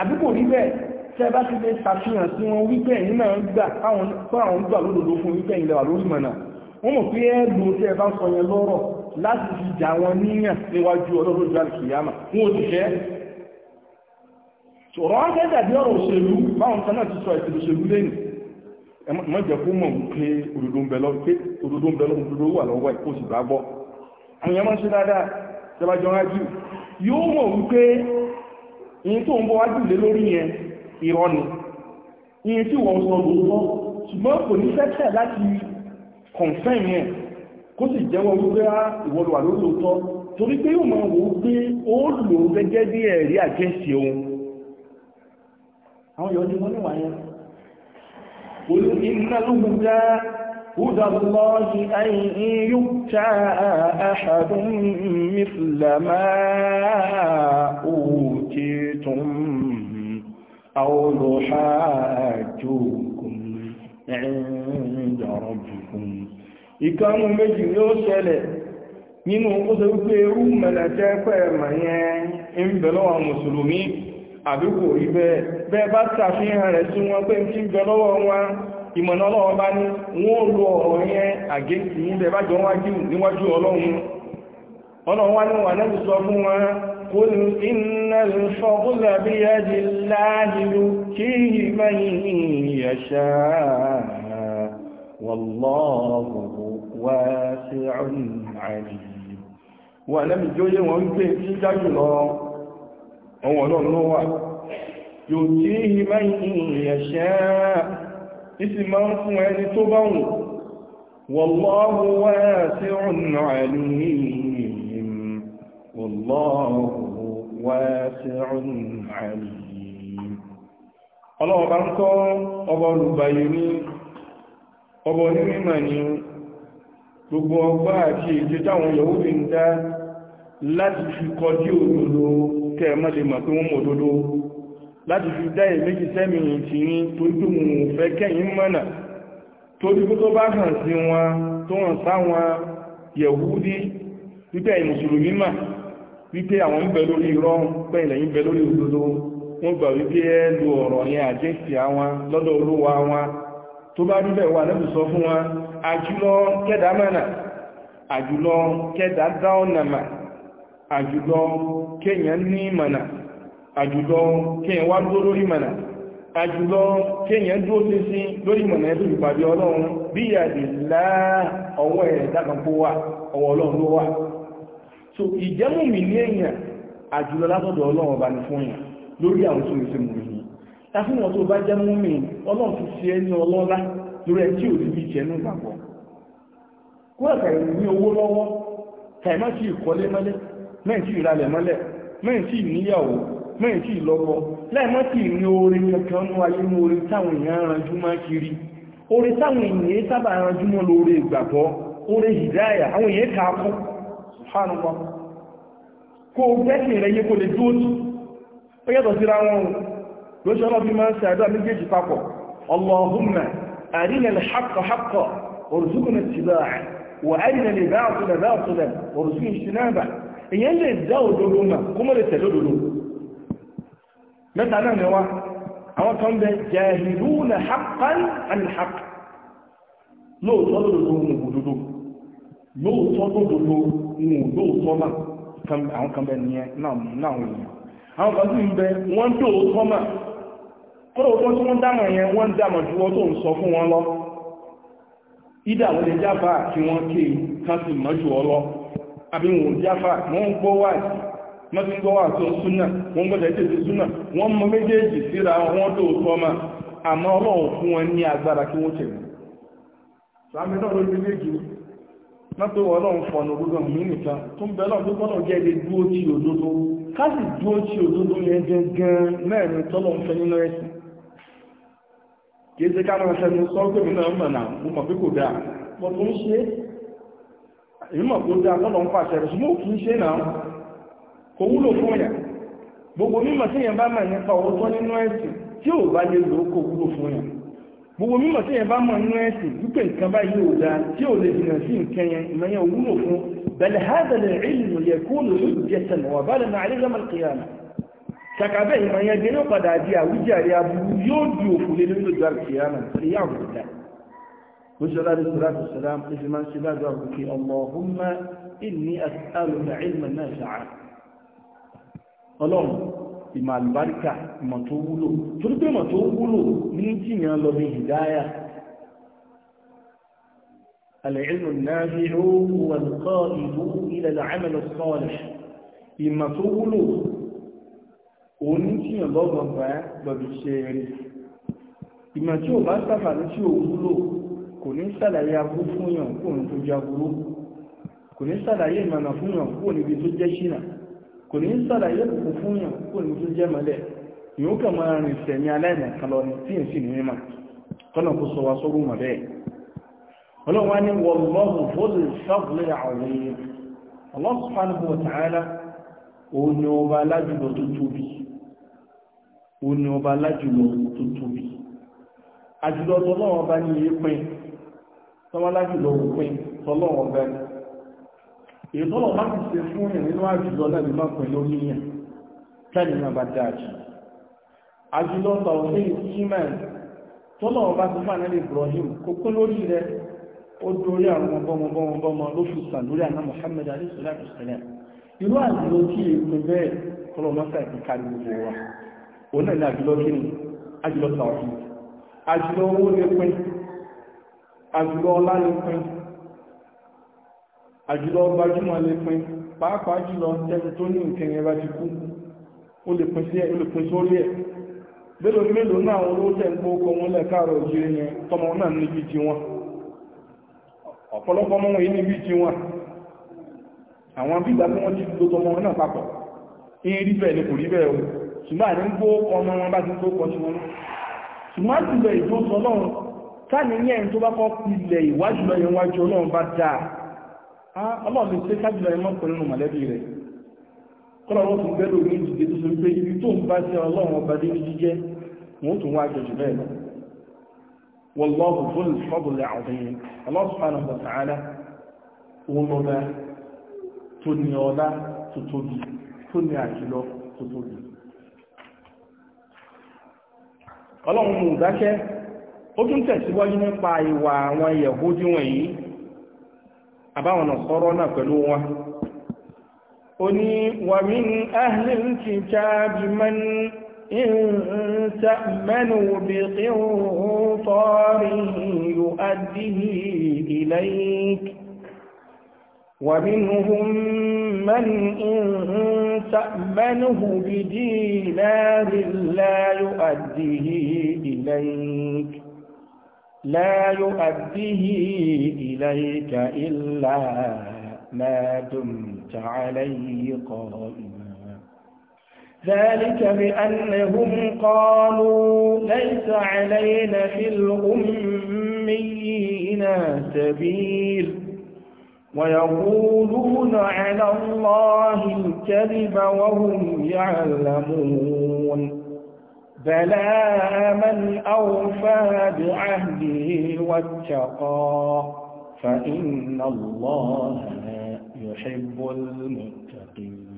àbíkò rí bẹ́ẹ̀ tẹ́ bá ti lè ṣàfihàn sí wọn wípé ẹ̀yin náà ń gbà fáwọn ń gbà lódòdó fún wípé ẹ̀yin lẹ́wà lórí mọ̀nà wọ́n mọ̀ pé ẹ̀ẹ́dù tẹ́ bá ń sọ yẹn lọ́rọ̀ láti fi jà wọn níyàn níwájú ọlọ́dún ìjọ àlùkìyàmà wọn ò sì fẹ́ ọ̀rọ̀ wọn fẹ́ dàbí ọ̀rọ̀ òṣèlú báwọn kan náà ti sọ ìṣèlú òṣèlú lẹ́nu mọ́ jẹ́ kó mọ̀ pé irọ́ ni iye tí wọ́n sọ lóòótọ́ ṣùgbọ́n kò ní fẹ́kẹ̀ láti confirm yẹn kó sì jẹ́wọ́ wípé á ah, ìwọ́lù wà torí pé yóò máa wò ó pé ó lò ó gẹ́gẹ́ bí ẹ̀rí àjẹsí ohun àwọn yọ̀ọ́ ni wọ́n níwà yẹn olú iná lóhun dá هدى الله أن يؤتى أحد مثل ما أوتيتم أو يحاجوكم عند ربكم ìkanu méjì ló ṣẹlẹ̀ nínú ó sọ wípé irú mẹ́lẹ̀tẹ́ pẹ̀ẹ̀mà yẹn ń bẹ lọ́wọ́ mùsùlùmí àbíkò ibẹ̀ bẹ́ẹ̀ bá ṣàfihàn ìmọ̀nà ọlọ́wọ́ ní wọ́n lo ọ̀rọ̀ yẹn ní jọ wájú níwájú ọlọ́run ọlọ́wọ́n wà قل إن الفضل بيد الله يؤتيه من يشاء والله واسع عليم ولم يجوي وانت تجلو هو نوع يؤتيه من يشاء اسم فوين والله واسع عليم والله واسع عليم ọlọ́wọ́ bá ń kọ́ ọba olùgbàyè ní ọba gbogbo ọgbá àti èdè àwọn yòówù fi ń dá láti fi kọjú òdodo kẹ́ẹ̀mọ́lẹ̀ mọ̀ pé wọ́n láti fi dá èméjì sẹ́mì ìtì ní mú fẹ́ mọ́nà wípé àwọn ń bẹ lórí irọ́ pé ilẹ̀ ń bẹ lórí òdodo wọ́n gbà wípé ẹ lo ọ̀rọ̀ yẹn àjẹ́sì àwọn lọ́dọ̀ olówó àwọn tó bá rí bẹ́ẹ̀ wà lẹ́bù sọ fún wọn àjùlọ kẹ́dà mẹ́nà àjùlọ kẹ́dà dáọ̀nàmà àjùlọ kéèyàn ní mọ̀nà àjùlọ kéèyàn wá dúró lórí mọ̀nà àjùlọ kéèyàn dúró sísí lórí mọ̀nà ẹ̀dù ìpàdé ọlọ́run bí láà ọwọ́ ẹ̀ dákàpọ̀ wà ọwọ́ ọlọ́run ló wà so ìjẹ́mú mi ní èèyàn àjùlọ látọ̀dọ̀ ọba ní fún èèyàn lórí àwọn tó lè mú mi láfún wọn bá jẹ́ mi ọlọ́run ti ṣe ẹni ọlọ́lá lórí ẹtí ò níbi ìṣẹ́ ní ìgbàgbọ́ kó ẹ̀kàrẹ̀ ní owó lọ́wọ́ kàìmá sí ìkọ́lé mọ́lẹ̀ mẹ́rin sí ìralẹ̀ mọ́lẹ̀ mẹ́rin sí ìníyàwó mẹ́rin sí ìlọ́wọ́ sí ìní orin kiri orin táwọn èèyàn sábà mọ́ lórí ìgbàgbọ́ orin hìdáyà àwọn èèyàn kà á subhanallah kó gbẹ́sìn rẹ̀ yẹ kó lè dúó tí ó yàtọ̀ síra wọn lóṣọ́lọ́ bí máa ń sàádọ́ méjèèjì papọ̀ allahumma arina al-haqqa haqqa warzuqna ittiba'a wa arina al-batila batilan warzuqna ijtinaba èyàn lè dá òdodo mà kó mọ́ lè tẹ̀lé òdodo mẹ́ta náà ni wá àwọn kan bẹ jahiluna haqqan al-haqq lóòótọ́ lódodo lóòótọ́ wọn ò lóòótọ́ náà àwọn kan bẹ nìyẹn náà wọ̀nyí àwọn kan sì ń bẹ wọ́n lóòótọ́ náà kọ́rọ̀ òótọ́ tí wọ́n dámọ̀ yẹn wọ́n dámọ̀ ju wọ́n ń sọ fún wọn lọ ìdá àwọn lè jáfà kí wọ́n ké àbí wọn jáfà wọ́n ń gbọ́ ń gbọ́ tó súnà wọ́n súnà wọ́n mọ méjèèjì síra àmọ́ ọlọ́run fún wọn ní lápé wọn náà ń fọ̀nà gbogbo mi nìkan tó ń bẹ náà tó gbọ́nà jẹ́ ilé dúó tí òdodo káàsì dúó tí òdodo yẹn gangan mẹ́rin tọ́lọ̀ ń fẹ́ nínú ẹ̀sìn kìí ṣe ká máa ṣẹnu sọ pé mi náà mọ̀nà mo mọ̀ pé kò dáa mo tó ń ṣe èmi mọ̀ pé ó dáa tọ́lọ̀ ń pàṣẹ rẹ̀ ṣùgbọ́n kì í ṣe náà kò wúlò fún yà gbogbo mímọ̀ tí yẹn bá mọ̀ nípa owó nínú ẹ̀sìn tí ò bá lè lò ó kò wúlò fún yà gbogbo mímọ̀ tí yẹn bá mọ̀ nínú ẹ̀sìn wípé nǹkan bá ò dáa tí ò lè jìnà sí nǹkan yẹn ìmọ̀yẹn wúlò fún bẹ̀lẹ̀ hádàlẹ̀ ìlú yẹ̀kún lòlùjẹsẹ̀ wà bá lẹ́nu àríwá kìíyàmù kàkà bẹ́ẹ̀ ìmọ̀yẹn gẹ́gẹ́ padà di àwùjẹ́ àrí aburú yóò di òfò lé lórí lójú àkìíyàmù ìyáwó ìdá وجل عليه الصلاة والسلام إجمال شباب ربك اللهم ìmọ̀ àlùbáríkà ìmọ̀ tó wúlò torí pé ìmọ̀ tó wúlò ní jìyàn lọ bí hìdáyà alẹ́ẹ̀lù náà fi rúwù ẹ̀lùkọ́ ìlú ilẹ̀ àmẹ́lẹ̀ sọ́ọ̀lẹ̀ ìmọ̀ tó wúlò òun ní jìyàn lọ́gbọ̀ngbà lọ́dún ṣe rí ìmọ̀ tí ò bá sáfà ní tí ò wúlò kò ní sàlàyé abú fún yàn kúrò tó jaburú kò ní sàlàyé ìmọ̀nà fún yàn kúrò níbi tó jẹ́ ṣìnà kò ní sàlàyé kò fún yàn kò ní tó jẹ́ mọ́lẹ̀ yóò kà máa rìn sẹ̀mí aláìmọ̀kan lọ ní tí ì sì ní mímọ̀ tọ́nà kó sọ wa sọ́rọ̀ mọ̀ bẹ́ẹ̀ ni wọ́lọ́hùn fóòlù ìtọ́lọ̀ bá ti ṣe fún ẹ̀ nínú àjùlọ lẹ́nu máa pẹ̀ lórí yẹn kẹ́ni náà bá dá jù àjùlọ tàwọn ní ìsímẹ̀ tọ́lọ̀ bá ti fà nílẹ̀ Ibrahim kókó lórí rẹ̀ ó dórí àwọn ọmọbọmọbọmọ ló fi sàn lórí àná Muhammad alayhisalatu salam irú àjùlọ tí èkó bẹ́ẹ̀ tọ́lọ̀ mọ́sà ìkíkà ní àjùlọ gbajúmọ̀ lè pin pàápàá jùlọ tẹ́sì tó ní nǹkan yẹn bá ti kú ó lè pin sí ẹ̀ ó lè pin sórí ẹ̀ mélòó mélòó náà àwọn olówó tẹ̀ ń kó kọ wọn lẹ̀ káàrọ̀ òjìrì yẹn tọmọ náà níbi tí wọn ọ̀pọ̀lọpọ̀ mọ́ wọn yìí níbi tí wọn àwọn bígbà tí wọ́n ti lo tọmọ náà papọ̀ ń rí bẹ́ẹ̀ ni kò rí bẹ́ẹ̀ o ṣùgbọ́n àní ń kó ọmọ wọn bá ti kó kọ sí wọn ṣùgbọ́n àti ìbẹ̀ ìjọsọ náà aa pé kájúlọ ẹmọ́ pẹ̀lú mọ̀lẹ́bí rẹ̀ kọ́lọ̀wọ́ tún gbẹ́rù ní ìdíje tó sọ pé ibi tó ń bá sí ọlọ́run ọba dé jíjẹ́ wọ́n tún wá jọjù bẹ́ẹ̀ lọ wọ́lọ́ọ̀bù fún ìfọ́bùlẹ̀ tó ní ọlá tó tóbi tó ní àjùlọ tó tóbi ọlọ́run mú dákẹ́ ó tún tẹ̀síwájú nípa ìwà àwọn àbáwọn ọ̀sọ́rọ̀ náà pẹ̀lú wa ó ní wa min ahli al-kitabi man in ta'manu bi qintarin yu'addihi ilayk ومنهم من إن تأمنه بدينار لا يؤديه إليك لا يؤديه إليك إلا ما دمت عليه قائما ذلك بأنهم قالوا ليس علينا في الأمين سبيل ويقولون على الله الكذب وهم يعلمون بلى من أوفى بعهده واتقى فإن الله يحب المتقين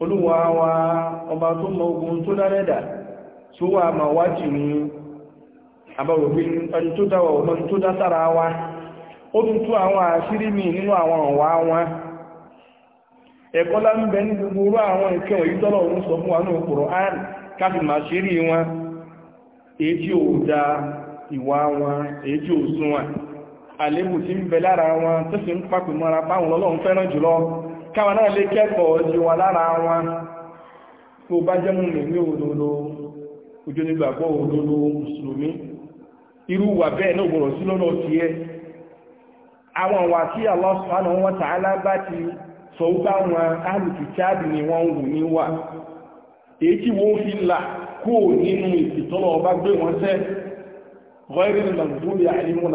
olúwa wa ọba tó mọ ogun tó dárẹ́dà tó wà ma wá jì ní ó awa ń bẹ ní gbogbo orú àwọn ìkẹwọ̀n yìí tọ́lọ̀ ń káfí máa ṣe rí wọn èyí ò da ìwà wọn eji ò sún wọn àlébù tí ń bẹ wọn tó sì ń pàpì mọ́ra báwọn ọlọ́run fẹ́ràn jùlọ káwọn náà lè kẹ́kọ̀ọ́ wọn lára wọn tó bá jẹ́ mú ní òdodo ojú nígbàgbọ́ òdodo mùsùlùmí irú wà bẹ́ẹ̀ náà gbọ́dọ̀ sí lọ́nà àwọn wà wa ta'ala bá ti sọ wọn èyí tí wọ́n fi koo kó nínú ọba gbé wọn sẹ́ rọ́ìrì lọ́gbọ́n yà ní wọn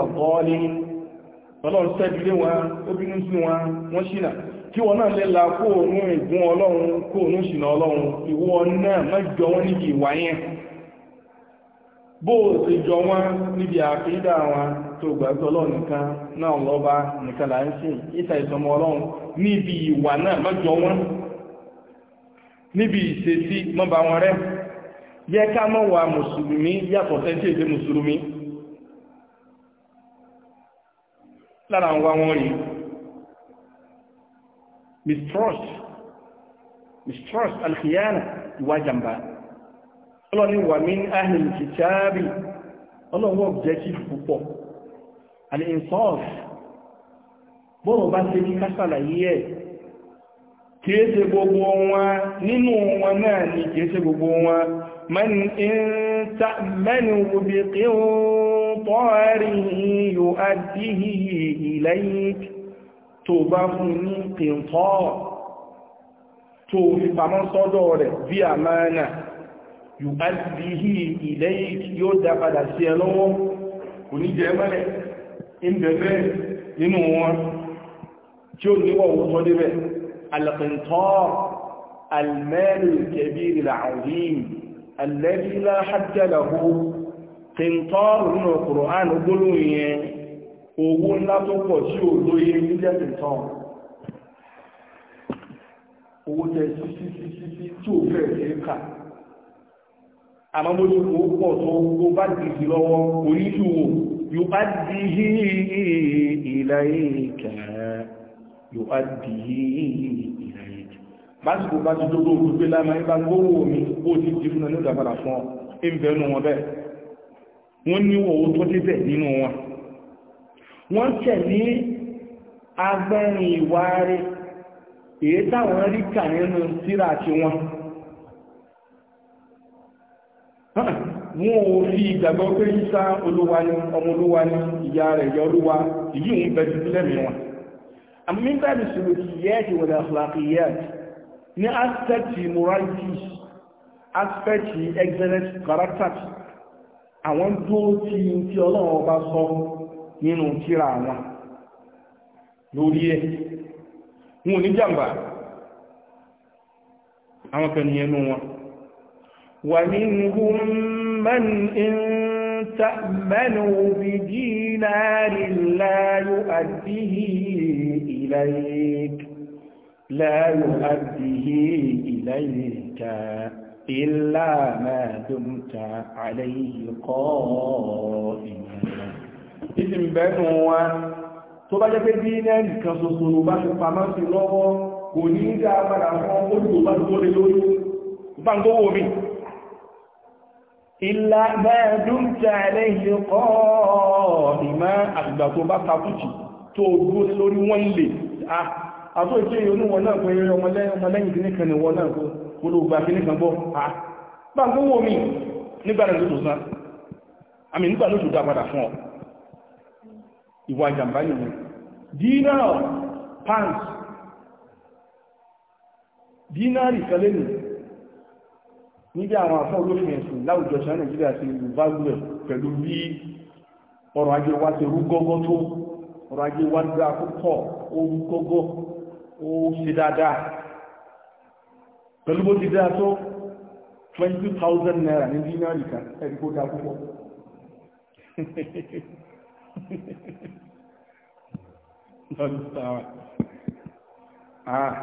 ọlọ́run sẹ́bílé wọn ó sí wọn wọ́n ṣìnà kí wọn náà lè la kó ọlọ́run kó ọlọ́run náà mẹ́jọ wọn níbi ìwà yẹn bó o sì jọ wọn níbi wọn tó ọlọ́run níbi ìṣesí mọ́ba wọn rẹ̀ yẹ ká mọ́ wa mùsùlùmí yàtọ̀ sẹ́ńtì èdè mùsùlùmí lára ń wá wọn rí mistrust mistrust alkhiyana ìwà jàmbá ọlọ́ni wà mí ahli alkitabi ọlọ́wọ́ objective púpọ̀ al-insaf bọ́rọ̀ bá ṣe ní kásàlàyé ẹ̀ kìí ṣe gbogbo wọn nwa wọn náà ni kìí gbogbo wọn mẹ́nu gbogbo kí ó tọ́rí yóò adíhì ìlẹ́yìn tó bá fún ní pìntọ́ tó fi pamọ́ sọ́dọ̀ rẹ̀ bí àmánà yóò adíhì ìlẹ́yìn yóò dá padà sí ẹ nwa wọn tí ó níwọ̀ òótọ́ débẹ̀ القنطار المال الكبير العظيم الذي لا حد له قنطار من القرآن قلوه owó ńlá tó pọ̀ tí ò lóye nílẹ̀ ìtàn owó tẹ sí sí sí sí sí tí ò fẹ́ ṣe kà àmọ́ bó ti kó pọ̀ tó gbogbo bá dìdì lọ́wọ́ oníṣòwò yóò bá di ilẹ̀ ìkẹ̀ẹ́ yóò wá dìí ìrìn àjò básìkò bá ti dógó gbogbo láàmà ibà gbówó omi ó ti di fún ẹni ìdàpadà fún ọ ìbẹ̀ nù wọn bẹ́ẹ̀ wọ́n níwọ̀ owó tó débẹ̀ nínú wọn wọ́n tẹ̀lé agbẹ́rin ìwà rẹ̀ èyí táwọn rí kà nínú síra àti wọn wọn ò fi ìgbàgbọ́ pé yíṣá olúwa ni ọmọ olúwa ni ìyá rẹ̀ yọ olúwa ìyí òun bẹ ti sílẹ̀ mi amma min ba da sulukiyati wa akhlaqiyat ni aspect morality aspect excellent character awon tó ti ti Ọlọ́run ọba sọ ninu tira wọn lori e wọn ò ní jàǹbá kan ní ẹnu wọn wà man in تأمنوا بدينار لا يؤديه إليك لا يؤديه إليك إلا ما دمت عليه قائما إذن بنوا تبقى بدينا كسوسو باش فما في لغو kò ní í dá padà fún olùgbò bá tó lé lórí bá ń gbówó mi ìlà mẹ́ẹ̀dún tẹ́lẹ̀ ìkọ́ ìmẹ́ àgbà tó bá takùtù tó dúró lórí wọ́n lè àtó ìṣe ìyọnú wọn náà pẹ̀lú ọmọlẹ́yìn kìníkan ni wọn náà olóògbà kìníkan bọ́ bá gbówó mi nígbà rẹ̀ lóṣù sán àmì nígbà lóṣù dá padà níbi àwọn àfọ́ olófin ẹ̀sìn láwùjọ ṣe nàìjíríà ti lù válùẹ̀ pẹ̀lú bí ọrọ̀ ajé wa ti rú gọ́gọ́ tó ọrọ̀ ajé wa dá púpọ̀ ó rú gọ́gọ́ ó ṣe dáadáa pẹ̀lú bó ti dáa tó 20,000 naira ní dínárì kan ẹ̀rí kó dá púpọ̀ [laughs] ah,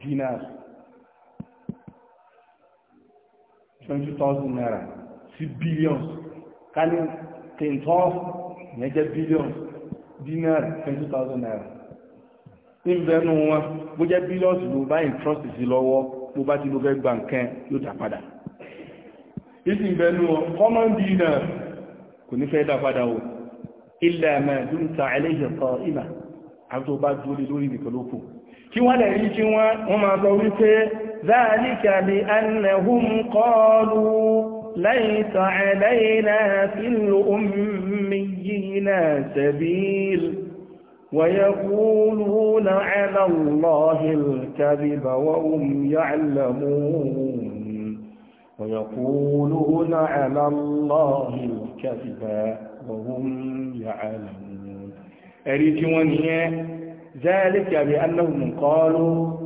dinar twenty thousand naira sí billions ká ní tẹ̀ntọ́n yẹn jẹ́ billions dinar twenty thousand naira níbẹ̀ẹ́nu wọn bó jẹ́ billions ló bá interest sí lọ́wọ́ bó bá ti ló fẹ́ gba nǹkan yóò dá padà ìsìn ìbẹ̀ẹ́nu wọn common dinar kò ní fẹ́ dá padà o ilẹ̀ ẹ̀mẹ́ dúnta ẹlẹ́yẹ̀ kọ ìmà àti tó bá dúró lórí nìkan lókù kí wọ́n lẹ̀ rí kí wọ́n máa sọ wípé ذلك بأنهم قالوا ليس علينا في الأميين سبيل ويقولون على الله الكذب وهم يعلمون ويقولون على الله الكذب وهم يعلمون أريد أن ذلك بأنهم قالوا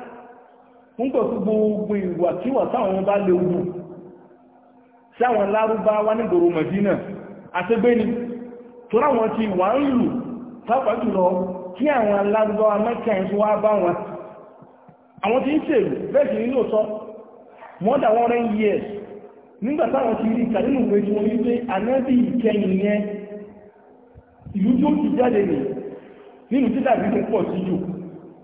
nígbà tó gbogbo ìwà tí wà táwọn bá lè wù sáwọn lárúbáwá nígboro mẹ̀dínà àtẹgbẹ́ni tó láwọn ti wà ń lù pápá jùlọ kí àwọn lárúbáwá mẹ́kàn tó wá bá wọn àwọn tí ń ṣèlú bẹ́ẹ̀ sì nílò sọ more than one hundred years nígbà táwọn ti rí kàdínù pé tí wọ́n ní pé anábì ìkẹyìn yẹn ìlú tí ti jáde nì nínú títà ìbí pọ̀ sí jù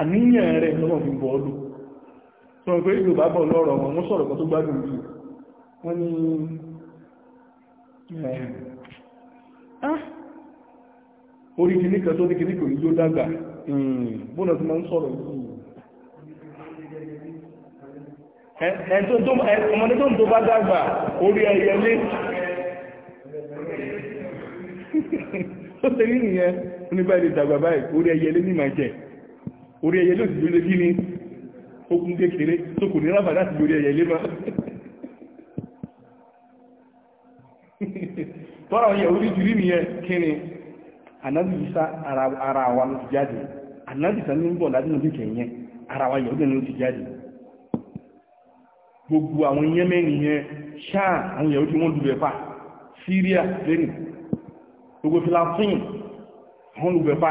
àníyàn rẹ̀ lọ́wọ́ fi bọ́ ọlú tí wọ́n pé yorùbá bọ̀ lọ́rọ̀ wọn wọ́n sọ̀rọ̀ kan tó gbádùn jù wọ́n ni ah, orí kìíní kan tó ní kìíní kò ní yóò dàgbà hmm, bónà tí ma ń sọ̀rọ̀ yìí ọmọdé tó ń tó bá dàgbà orí ẹyẹlé tó [laughs] ṣe rí nìyẹn oníbàdì dàgbà báyìí orí ẹyẹlé ní orí ẹyẹ ló ti gbélé kí ni okun kékeré tó kò ní rábà láti gbórí ẹyẹ lé máa [laughs] tọ́ra wọn orí jùlí nìyẹn kí ni anábì isa ara wa ló ti jáde anábì isa ní bọ̀ láti nàbí kẹ̀yẹn ara wa yẹ̀wò ló ti jáde gbogbo àwọn yẹn mẹ́rin yẹn ṣáà àwọn yẹ̀wò tí wọ́n lu ẹ̀fà Syria lẹ́nu gbogbo Filafin wọ́n lu ẹ̀fà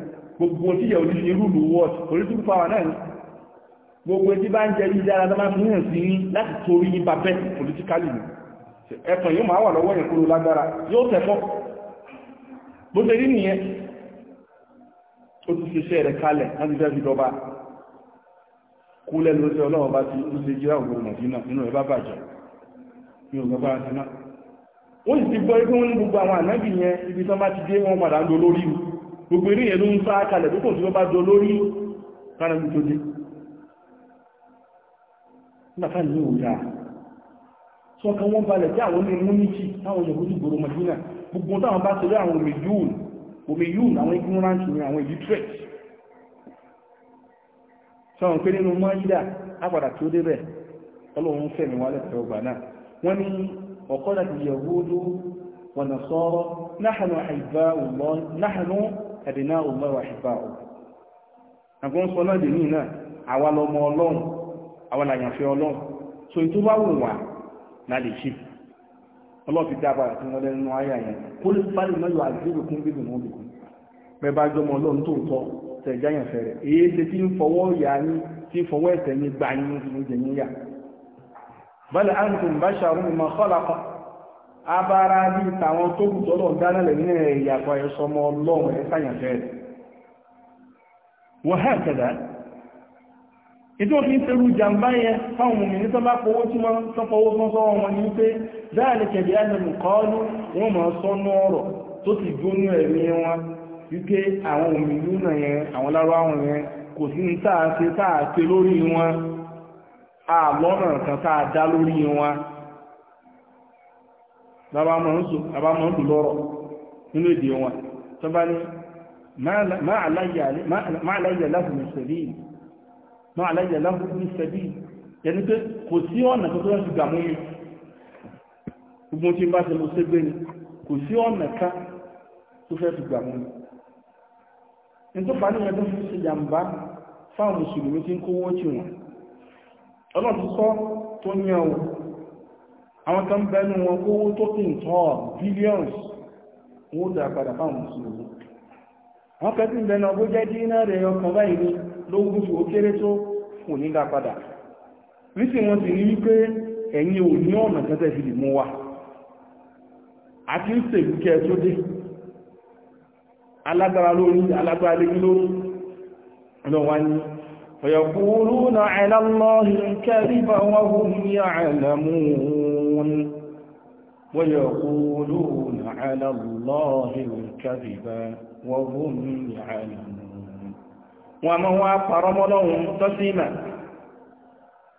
gbogbo tí yẹ òní ní rúlù wọ́t orísun fáwọn náà ní gbogbo tí bá ń jẹ yíyá ara dáná fún hàn sí yín láti torí yín bá bẹ́ẹ̀ pòlítíkálì nù ẹ̀tàn yóò máa wà lọ́wọ́ yẹn kúrò lágbára yóò tẹ̀fọ́ bó ṣe rí nìyẹn ó ti ṣiṣẹ́ rẹ̀ kalẹ̀ láti fẹ́ fi dọba kú lẹ́nu bá ti ń ṣe jíra òun ẹ̀ ibi tán bá ti dé wọn padà gbogbo eré yẹn ló ń sá kalẹ̀ tó kò sí wọ́n bá jọ lórí kára ní tó dé nígbàtà ní òyà sọ́kàn wọ́n balẹ̀ tí àwọn ní mú níjì táwọn yẹ̀kú sí gbòrò Madina gbogbo táwọn bá sọ́rọ̀ àwọn omiyun omiyun àwọn ignorant ni àwọn illiterate sọ́wọ́n pé ọlọ́run fẹ̀mí wálẹ̀ pẹ̀ ọgbà náà wọ́n ní ọ̀kọ́dà ti yẹ̀wó ló wọ̀nà sọ́rọ̀ náà أبناء الله وأحباؤه àgbọn sọ náà lèmi náà àwa lọmọ ọlọ́run àwa làyànfẹ́ ọlọ́run so ètò bá wù wá la lè ṣe ọlọ́run ti dá abàrà tí wọ́n lẹ́nu ayé àyàn kó lè parí náà yọ àdúgbò kún bíbí wọn bìkún bẹ́ẹ̀ bá jọmọ ọlọ́run tó tọ́ tẹ̀já yànfẹ́ rẹ̀ èyí ṣe tí ń fọwọ́ yà ní tí ń fọwọ́ ẹ̀sẹ̀ ní gbà ní oúnjẹ ní yà bal abára bí tàwọn tó kù tọ́lọ̀ dánilẹ̀ ní ìyàpọ̀ ẹ̀sọmọ ọlọ́run ẹ̀sàyànfẹ́ rẹ̀ wọ́n hẹ́ kẹ̀dá ìtò fi ń tẹrù jàmbá yẹn fáwọn ọmọ ìní tọ́lá tí wọ́n sọ́wọ́ wọn pé dáàlì wọ́n bàbá mọ̀ ń lọ́rọ̀ nínú èdè wọn tó bá ní máa aláyà láhùn ní sẹ̀bí máa aláyà láhùn ní sẹ̀bí yẹni pé kò sí ọ̀nà tó tó wọ́n ti gbàmú mi gbogbo tí bá ṣe mo ṣe gbé ni kò sí ọ̀nà ká tó fẹ́ ti gbàmú mi ní tó fàánù yẹn fi ṣe jàǹbá fáwọn mùsùlùmí tí ń kówó tì wọ́n ọlọ́run sọ tó yẹn o àwọn tó ń bẹnu wọn kówó tó kí n tọ́ billions wọ́n dà padà fáwọn mùsùlùmí wọ́n kẹ́ tí ń bẹnu ọgbó jẹ́ dínà rẹ̀ ọkàn báyìí ni lógún tí ó kéré tó kò ní dá padà nísì wọn sì ní wípé ẹ̀yin ò ní ọ̀nà tẹ́tẹ́ fi lè mú wa àti ń sèlú kẹ́ tó dé alágbára lórí alágbára lé lórí lọ́wọ́ ní فيقولون على الله كذبا وهم يعلمون ويقولون على الله الكذب وهم يعلمون وما هو فرم لهم تسيما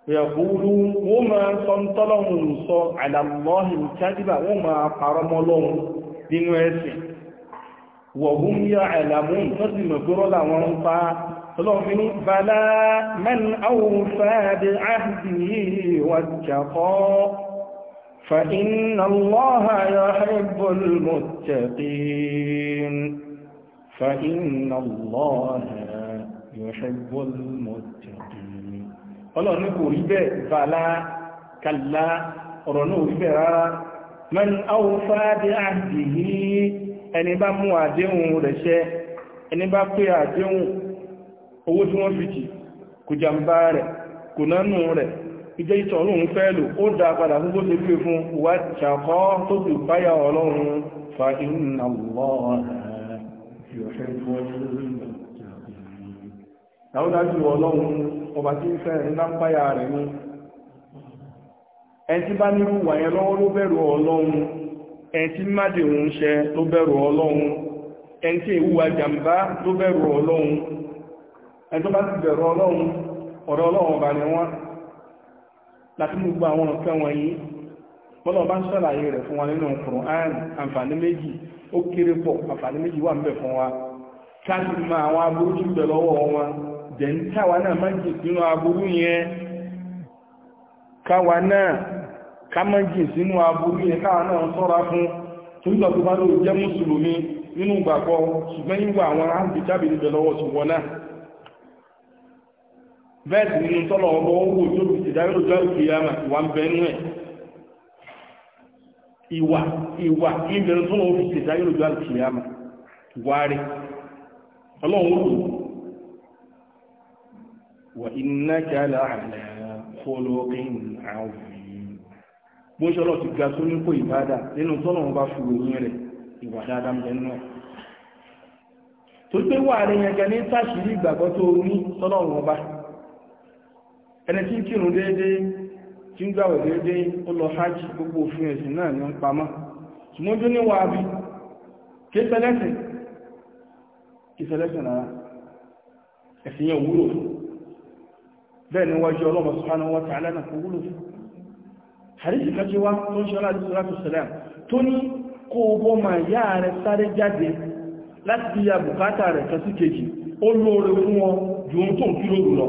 يقولون وما صنط لهم على الله الكذب وما فرم لهم دينوسي وهم يعلمون تسيما قرلا وانفا لهم بلى من أوفى بعهده واتقى فإن الله يحب المتقين فإن الله يحب المتقين ọlọ́run ní kò rí bẹ́ẹ̀ bàlá kàlá ọ̀rọ̀ náà rí bẹ́ẹ̀ rárá man awfa bi ahdihi ẹni bá mú àdéhùn rẹ̀ ṣẹ ẹni bá pé àdéhùn owó tí wọ́n fi jì kò jàmbá rẹ̀ kò nánú rẹ̀ ìjẹ́ ìtọ̀ ọlọ́run fẹ́ ó dá padà fún gbóṣe pé fún wà ṣàkọ́ tó bí báyà ọlọ́run fa iná dáúdájú ọlọ́run ọba tí ṣẹ ló bẹ̀rù ọlọ́run ẹni tí jàmbá ló bẹ̀rù ọlọ́run ẹni bá ti bẹ̀rù ọlọ́run ọ̀rọ̀ ọlọ́run ọba ni wọ́n láti gbogbo àwọn a wọ̀nyí bọ́lọ̀ bá ń ṣàlàyé rẹ̀ fún wa nínú Qur'an àǹfààní méjì ó kéré pọ̀ àǹfààní méjì wà ń fún wa káàkiri ma àwọn aburú bẹ lọ́wọ́ wọn dẹ̀ntàwà náà má jìn sínú aburú yẹn káwa náà ká má jìn sínú aburú yẹn káwa náà sọ́ra fún versi n'inu tọ́lọ̀ ọmọ owó tó fi ṣèdájọ́ lójú àrùkì yàmà ìwà ń bẹ iwa ẹ̀ ìwà ìwà ìbẹ̀rù tọ́lọ̀ ó fi ṣèdájọ́ lójú àrùkì yàmà wárí ọlọ́run ó lò wà iná jàlá àlà kọlọ́kìn àwọn bó ṣe ti ga tó ní kó ìbádà nínú tọ́lọ̀ wọn bá fi ròyìn rẹ̀ ìwà dáadáa ń tó wà ní ẹni tí ń kírun déédéé tí ń gbàwẹ̀ déédéé ó lọ hajj gbogbo òfin ẹ̀sìn náà ni ó ń pamọ́ ṣùgbọ́n tó níwà bí kí sẹlẹ́sìn kí ta'ala kò wúlò fún àríṣì kájí wá tó ń ṣe aláàdúrátù sẹ́lẹ̀m tó ní kó láti bí ya bùkátà rẹ̀ kẹsíkejì ó lóore fún wọn jù ń tó ń kí lóòrùn lọ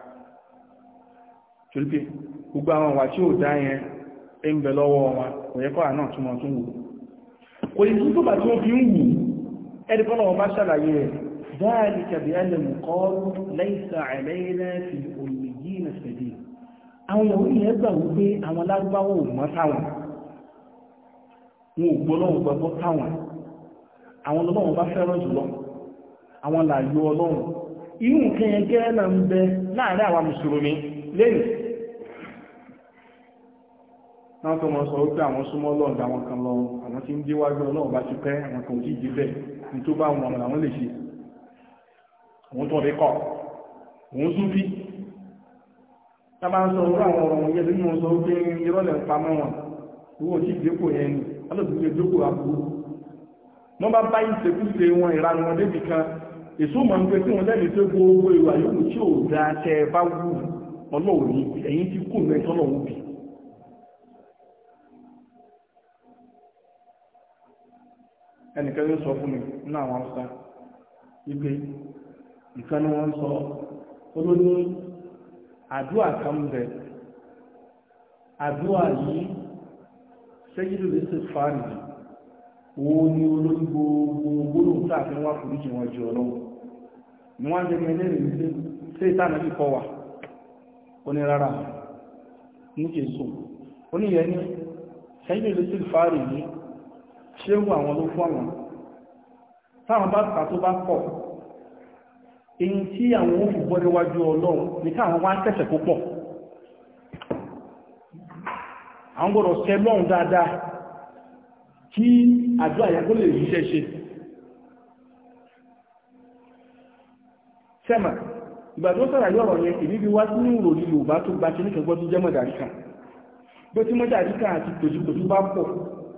torípé gbogbo àwọn wà tí ó dá yẹn ń bẹ lọ́wọ́ wọn òyẹ́kọ́ àná tí wọ́n tún wù kò lè tún tó bà tí ó fi ń wù ẹni kọ́nà wọn bá ṣàlàyé rẹ̀ dáàlì kàbí ẹlẹ́mù kọ́ lẹ́ìsà ẹ̀lẹ́yìnlẹ́ àwọn yòówù ọlọ́run inú kẹyẹn gẹ́ẹ́ ń bẹ láàárín àwọn mùsùlùmí lẹ́yìn náà tó mọ̀ sọ wípé àwọn súnmọ́ lọ́ọ̀dà àwọn kan lọ àwọn tí ń déwájú ọlọ́ọ̀bá ti pẹ́ àwọn kan tí ì ní tó bá wọn àwọn lè ṣe àwọn tó rí kọ́ òun sún bí tábà ń sọ wọ́n àwọn ọmọ yẹn nínú sọ wípé irọ́lẹ̀ ń pamọ́ wọn owó tí ìdókò yẹn ni alóòtú ìdókò àbúrú wọ́n bá bá ìṣekúṣe wọn ìranu wọn débì kan èso mọ̀ ń pẹ́ tí wọ́n lẹ́nu tó gbogbo ìwà yòókù tí ẹnìkan yóò sọ fún mi nínú àwọn ni wọ́n sọ ó àdúrà kan bẹ̀ àdúrà yìí sẹ́yìn lè ṣe òun ni olórí gbogbo a fi wá foríjì wọn jù ọ ni wọ́n jẹ́ mi lẹ́rìí wípé ṣé ìtàn rárá ní jésù ṣé wù àwọn ló fún àwọn táwọn bá kà tó bá pọ̀ èyí tí àwọn ó fi bọ́ níwájú ọlọ́run ní káwọn wá tẹ̀sẹ̀ kó àwọn gbọ́dọ̀ ṣẹ lọ́run dáadáa kí àjọ àyàkó lè ríṣẹ́ ṣe sẹ́mà ìgbàdó sọ̀rọ̀ yọ̀rọ̀ yẹn èmi bí wá sínú ìròyìn Yorùbá tó gba kí níkẹ̀gbọ́ tó jẹ́ mọ̀dàríkà bó tí mọ̀dàríkà àti tòjútòjú bá pọ̀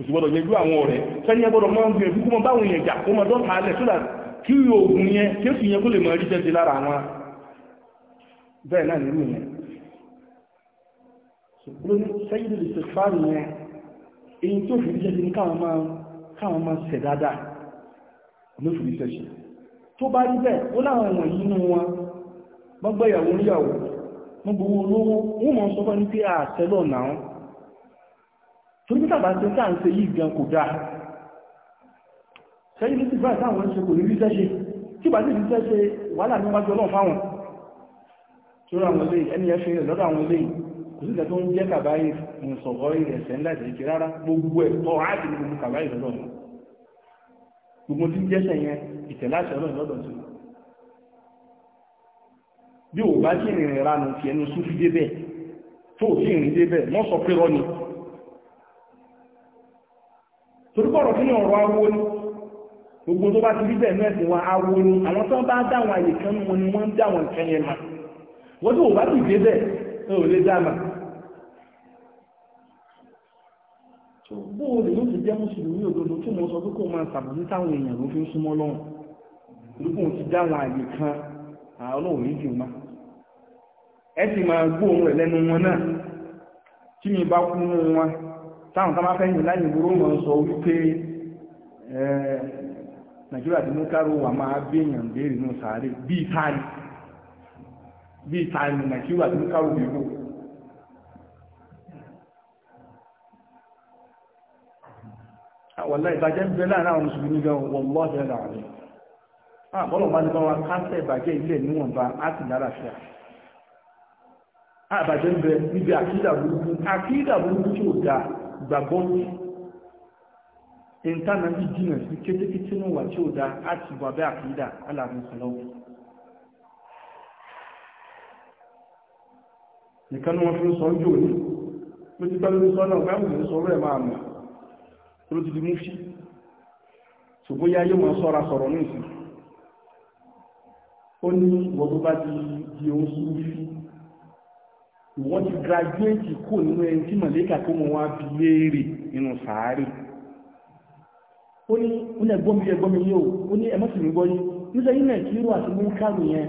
kò sì gbọ́dọ̀ yẹjú àwọn ọ̀rẹ́ sẹ́ni ẹgbọ́dọ̀ máa ń gbìyànjú kó mọ báwọn èèyàn jà kó mọ dọ́ta alẹ̀ sódà kí oògùn yẹn kí ó sì yẹn kó lè mọ ẹrí jẹ́jẹ́ lára wọn bẹ́ẹ̀ náà nínú yẹn ṣùgbọ́n sẹ́yìn lè ṣe fáàrù yẹn èyí tó fi jẹ́jẹ́ ní káwọn máa káwọn máa ṣẹ̀ dáadáa ló fi ṣe ṣe tó bá rí bẹ́ẹ̀ ó láwọn ọmọ yìí nínú wọn wọ́n gbẹ́yàwó níyàwó wọ́n gbowó olówó wọ́n mọ̀ sọ fún pé àṣẹ lọ́nà àwọn torí pítà bá ti ń sáà ń ṣe yìí gan kò dáa sẹ́yìn ní sígbà táwọn ń ṣe kò ní rí sẹ́ṣe tí bá sì rí sẹ́ṣe wàhálà ní wájú ọlọ́run fáwọn tí ó ràwọn léyìn ẹni ẹṣin rẹ̀ lọ́dọ̀ àwọn léyìn kò sí tó ń jẹ́ kàbáyé ń sọ̀rọ̀ ẹ̀sẹ̀ ńlá ìdíje rárá gbogbo ẹ̀ tọ́ áàdì ní gbogbo kàbáyé lọ́dọ̀ wọn gbogbo tí ń jẹ́sẹ̀ yẹn ìtẹ̀láṣẹ̀ ọlọ́run lọ́dọ̀ sí bí ò bá sí ìrìn ìrànù ti ẹnu sún fi débẹ̀ tó ò sí ìrìn débẹ̀ mọ́ sọ pé rọ́ ni àníyàn ọ̀rọ̀ awo ni gbogbo tó bá ti rí bẹ́ẹ̀ mẹ́sìn wọn awo ni àwọn tó bá dáwọn àyè kan wọn ni wọ́n ń dáwọn nǹkan yẹn mà wọ́n tó bá ti dé bẹ́ẹ̀ ẹ ò lè dá mà. bó o lè ló ti jẹ́ mùsùlùmí òdodo tí mo sọ pé kó máa ṣàbùkù táwọn èèyàn ló fi ń súnmọ́ lọ́rùn lókùn ti dáwọn àyè kan àwọn náà ò ní jù má ẹ sì máa gbóhùn rẹ̀ lẹ́nu wọn náà tí mi bá kú wọn táwọn tá bá fẹ́ yìn láyìn ìgboro wọn sọ wípé Eh, nigeria tí mú káró wà máa béèyàn béèrè náà sáré bí ìtaani bí ìtaani nàìjíríà tí mú káró bèèrè ah, wàlá ìbàjẹ́ ń bẹ àwọn mùsùlùmí gan wọ́n lọ́ bẹ̀rẹ̀ àárín àbọ́lọ̀ ah, bá ní bá wa káṣẹ́ ìbàjẹ́ ilé níwọ̀nba láti dára sí à àbàjẹ́ ah, ń níbi àkídà burúkú àkídà burúkú tí ò dáa gbàgbọ́ ìntànà bí jìnà sí kétékété ní wà tí ó dá àti ìwà bẹ́ àkídà aláàbínsọ̀lọ́wọ́ nìkan ní wọ́n fi ń sọ jò ní ló ti pẹ́lú sọ náà gáàmù ní sọ rẹ̀ máa mọ̀ tó ló ti di múfí ṣùgbọ́n yá yóò máa sọ́ra sọ̀rọ̀ ní ìsìn ó ní ìwọ̀n tó bá ti di ohun sí wífí ìwọ́n ti graduate kò nínú ẹni tí mọ̀lẹ́kà tó mọ̀ wá bi léèrè nínú sàárè ó ní ilẹ̀ gbọ́mi yẹ gbọ́mi yóò ó ní ẹmọ́sì mi gbọ́ yìí nígbà yìí nàìjíríà àti mú kárù yẹn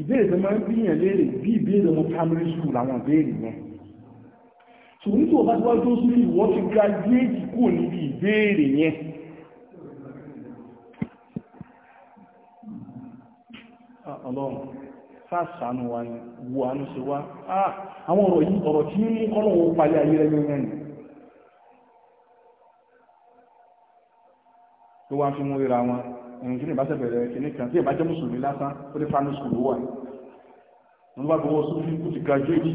ìbéèrè tó máa ń bíyàn léèrè bí ìbéèrè ọmọ primary school làwọn ìbéèrè yẹn ṣùgbọ́n tí o bá gbọ́ tó sí ìwọ ti graduate kú níbi ìbéèrè yẹn ah, ọlọ́run fáṣánú wa ni wo àánú ṣe wá ah, àwọn ọ̀rọ̀ yìí ọ̀rọ̀ tí ń mú kọ́lọ́wọ́ palẹ̀ ayé rẹ̀ yẹn yẹn tó wá fi mú ríra wọn ẹ̀yìn tí ní ìbáṣẹ̀ bẹ̀rẹ̀ kìíní kan tí ìbájẹ́ mùsùlùmí lásán ó dé primary school ló wà ní wọ́n bá gbowó sófin kú ti graduate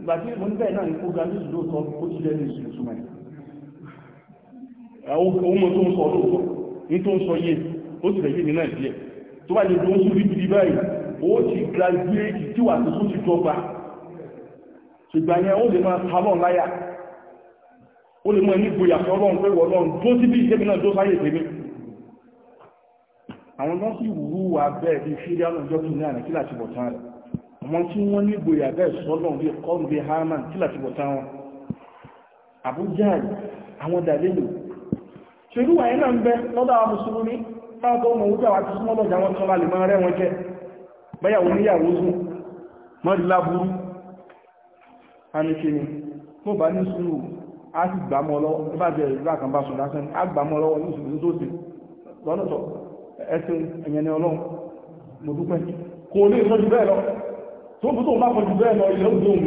ìgbà tí mo ń bẹ́ẹ̀ náà ní kó graduate lóòótọ́ ó ti lẹ́nu ìṣẹ̀lẹ̀ súnmọ́ ẹ̀ òun mọ̀ tó ń sọ lóòótọ́ ní tó ń sọ yé ó sì lẹ́yìn nínú ẹ̀díẹ̀ tó bá lè dún sórí ibi báyìí ó ti graduate tí wà tó tún ti jọba ṣùgbọ́n yẹn ó lè máa ta láyà ó lè mọ́ ní gboyà fún ọlọ́run pé wọ́n lọ́run tó sí bí ìṣẹ́bí náà tó sáyè tèmi àwọn tó sì wú wa bẹ́ẹ̀ bí síríà náà jọ́ kìíní àná kílà ti bọ̀tán rẹ̀ àwọn tí wọ́n ní gboyà bẹ́ẹ̀ sọ́lọ́run bí kọ́rùn bí Haman kílà ti bọ̀tán wọn Àbújá àwọn dàlélò ṣerú wàyẹn náà ń bẹ lọ́dọ̀ àwọn mùsùlùmí á sì gbàmọ́ lọ́wọ́ tó bá jẹ́ ìlú àkànbá sùn lásán á gbàmọ́ lọ́wọ́ ní ìṣòro tó sì lọ́nà sọ ẹsẹ̀ ẹ̀yẹn ni ọlọ́run mo dúpẹ́ kò ní sọ jù bẹ́ẹ̀ lọ tó bú tó bá kọ jù bẹ́ẹ̀ lọ ilẹ̀ òjò òun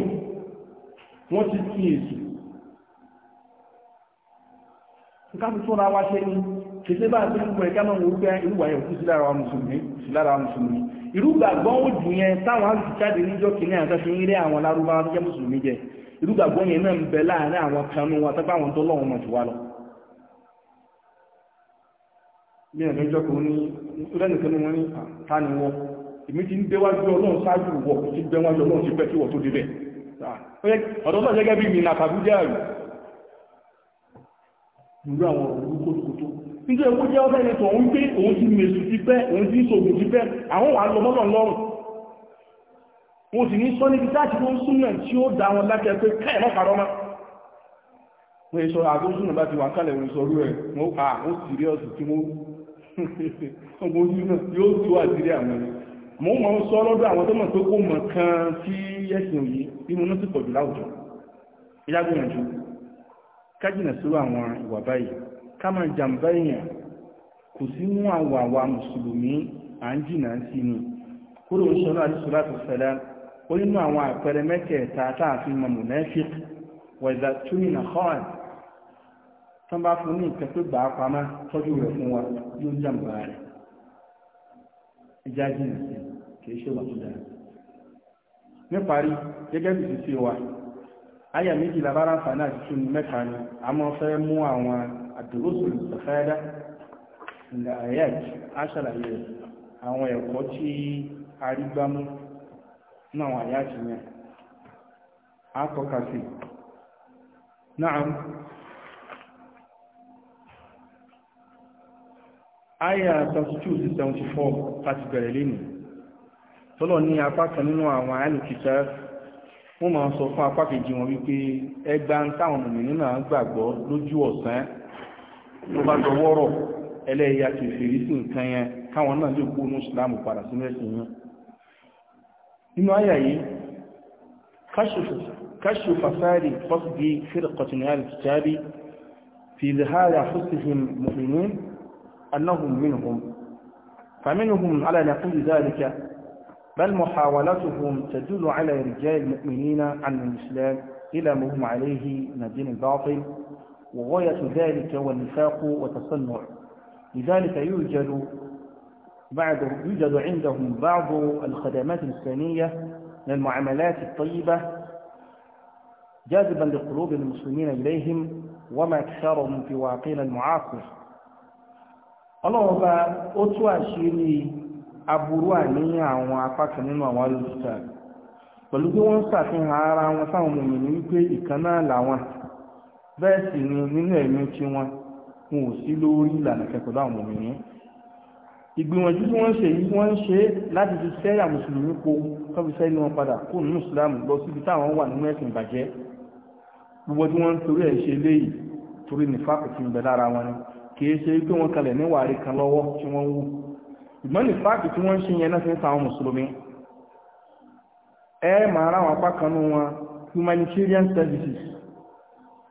wọ́n ti kí èsì nǹkan tó tún ra wá ṣe ní kìí bá ti ń gbọ́ ẹ̀ká máa ń wọ́pẹ́ irúgbà yẹn kú sí lára mùsùlùmí sí lára mùsùlùmí irúgbà gbọ́n ó jù yẹn táwọn àti jáde níjọ́ kìíní àtàṣe ń rí àwọn lárúbáwá jẹ́ mùsùlùmí jẹ irúgbàgbọ́ yẹn náà ń bẹ láàrin àwọn kanú wa tẹ́pẹ́ àwọn tó lọ́wọ́ mọ̀ jù wá lọ. ní ẹ̀mí ìjọ kan ní lẹ́nìkan ní wọ́n ní àtàní wọ́n èmi ti ń déwájú ọlọ́run ṣáájú wọ̀ ti déwájú ọlọ́run ti pẹ́ tí wọ́n tó débẹ̀ ọ̀dọ́ náà gẹ́gẹ́ bí mi nà tàbújá rẹ̀ ìlú àwọn ọ̀rọ̀ kótókótó nítorí ẹ̀kọ́ jẹ́ ọ́fẹ́ ni tọ̀ ń gbé òun ti mèsù ti pẹ́ òun ti sògùn ti pẹ́ àwọn wà lọ́mọ́lọ́ lọ́rùn mo sì ní sọ níbi táàkì tó ń súnà tí ó dá wọn lákẹ́ pé káì mọ́ parọ́ mọ́ mo sọ àgó súnà bá ti wà kálẹ̀ mo sọ rú ẹ̀ mo à mo síríọ̀sì tí mo [laughs] mo súnà yóò tó àdírí àwọn ẹni mo mọ̀ ń sọ lọ́dọ̀ àwọn tó mọ̀ pé kó mọ̀ kan tí ẹ̀sìn òye bí mo náà ti pọ̀jù láwùjọ ìyá gbìyànjú kájìnà sí àwọn ìwà báyìí ká máa èèyàn kò sí mú àwọ̀ àwa mùsùlùmí à sí ni kúrò ń sọ náà àdìsọ́lá tó fẹ́lẹ́ ó nínú àwọn àpẹẹrẹ mẹ́tẹ̀ẹ̀ta táàfin mọ̀ mùnẹ́fík wẹ̀dà túnmìnà hall tán bá fún ní nǹkan gbà á pamá tọ́jú rẹ̀ fún wa yóò jàǹbá rẹ̀ ẹjá jìnà sí kì ṣe wà tó níparí gẹ́gẹ́ bí sísè wa àyà méjì labára àǹfààní àti tún mẹ́ta ni a máa fẹ́ mú àwọn àṣàlàyé àwọn ẹ̀kọ́ na àwọn àyá ti yẹn a tọ́ka sí náà àyà 72-74 láti bẹ̀rẹ̀ lénìí tọ́lọ̀ ní apá kan nínú àwọn àyálùkítà wọ́n máa sọ fún apá kejì wọn wípé ẹgbà ń táwọn mùmìnì náà gbàgbọ́ lójú ọ̀sán tó bá dọwọ́rọ̀ ẹlẹ́yà kìfèrí sí nǹkan yẹn káwọn náà lè kó ní ìsìlámù padà sí mẹ́sìn nínú àyà آية كشف kashfu fasadi qasdi firqatin al-kitabi fi zihari afusihim mu'minun annahum minhum فمنهم على نقول ذلك بل محاولتهم تدل على رجال المؤمنين عن الإسلام إلى ما هم عليه من الدين الباطل وغاية ذلك والنفاق والتصنع لذلك يوجد بعد يوجد عندهم بعض الخدمات الإسلامية من المعاملات الطيبة جاذبا لقلوب المسلمين إليهم وما أكثرهم في واقعنا المعاصر ọlọ́ọ̀bá ó tú àṣírí aburú àníyàn àwọn apá kan nínú àwọn wọ́n ṣàfihàn ara wọn sáwọn mòmìnì wípé ìgbìmọ̀jú tí wọ́n ń ṣe yìí wọ́n ń ṣe láti fi sẹ́yà mùsùlùmí po tó fi sẹ́yìn wọn padà kó nínú ìsìlámù lọ síbi táwọn wà nínú ẹ̀sìn ìbàjẹ́ gbogbo tí wọ́n torí ẹ̀ ṣe léyìí torí nífàkì tí ń bẹ lára wọn ni kìí ṣe pé wọ́n kalẹ̀ níwàárí kan lọ́wọ́ tí wọ́n wú ìgbọ́n nífàkì tí wọ́n ń ṣe yẹn náà fi ń sàwọn mùsùlùmí ẹ máa ra àwọn apá kan nínú wọn humanitarian services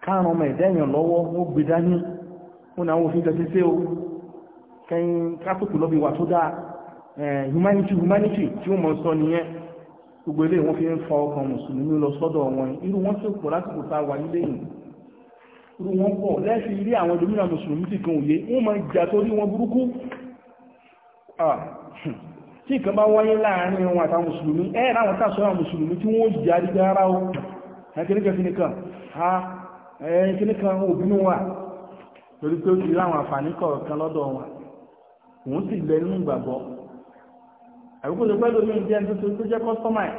káàrùn ọmọ ẹ̀dẹ́yàn lọ́wọ́ wọ́n gbé dání wọn náà wọ́n fi jọ kẹ́yìn kásìkò lọ́bí wà tó dáa humanity humanity tí ó mọ̀ sọ nìyẹn gbogbo ilé wọn fi ń fa ọkàn mùsùlùmí lọ sọ́dọ̀ wọn irú wọn tó pọ̀ lásìkò tá a wà nílé yìí irú wọn pọ̀ lẹ́sìn ilé àwọn domina mùsùlùmí ti kan òye wọ́n máa jà torí wọn burúkú tí ìkan bá wáyé láàárín wọn àtàwọn mùsùlùmí ẹ̀ láwọn tàṣọ àwọn mùsùlùmí tí wọ́n jà dídá ara o ẹ̀kẹ́lẹ́kẹ́ fi nìkan ha ẹ̀kẹ́lẹ́kan obìnrin wà torí pé ó ti láwọn àǹfààní kọ̀ọ̀kan òun sì lẹ nínú ìgbàgbọ́ àbíkó tó pẹ́ lómi ìdí ẹni tó jẹ́ kọ́sọ́mà ẹ̀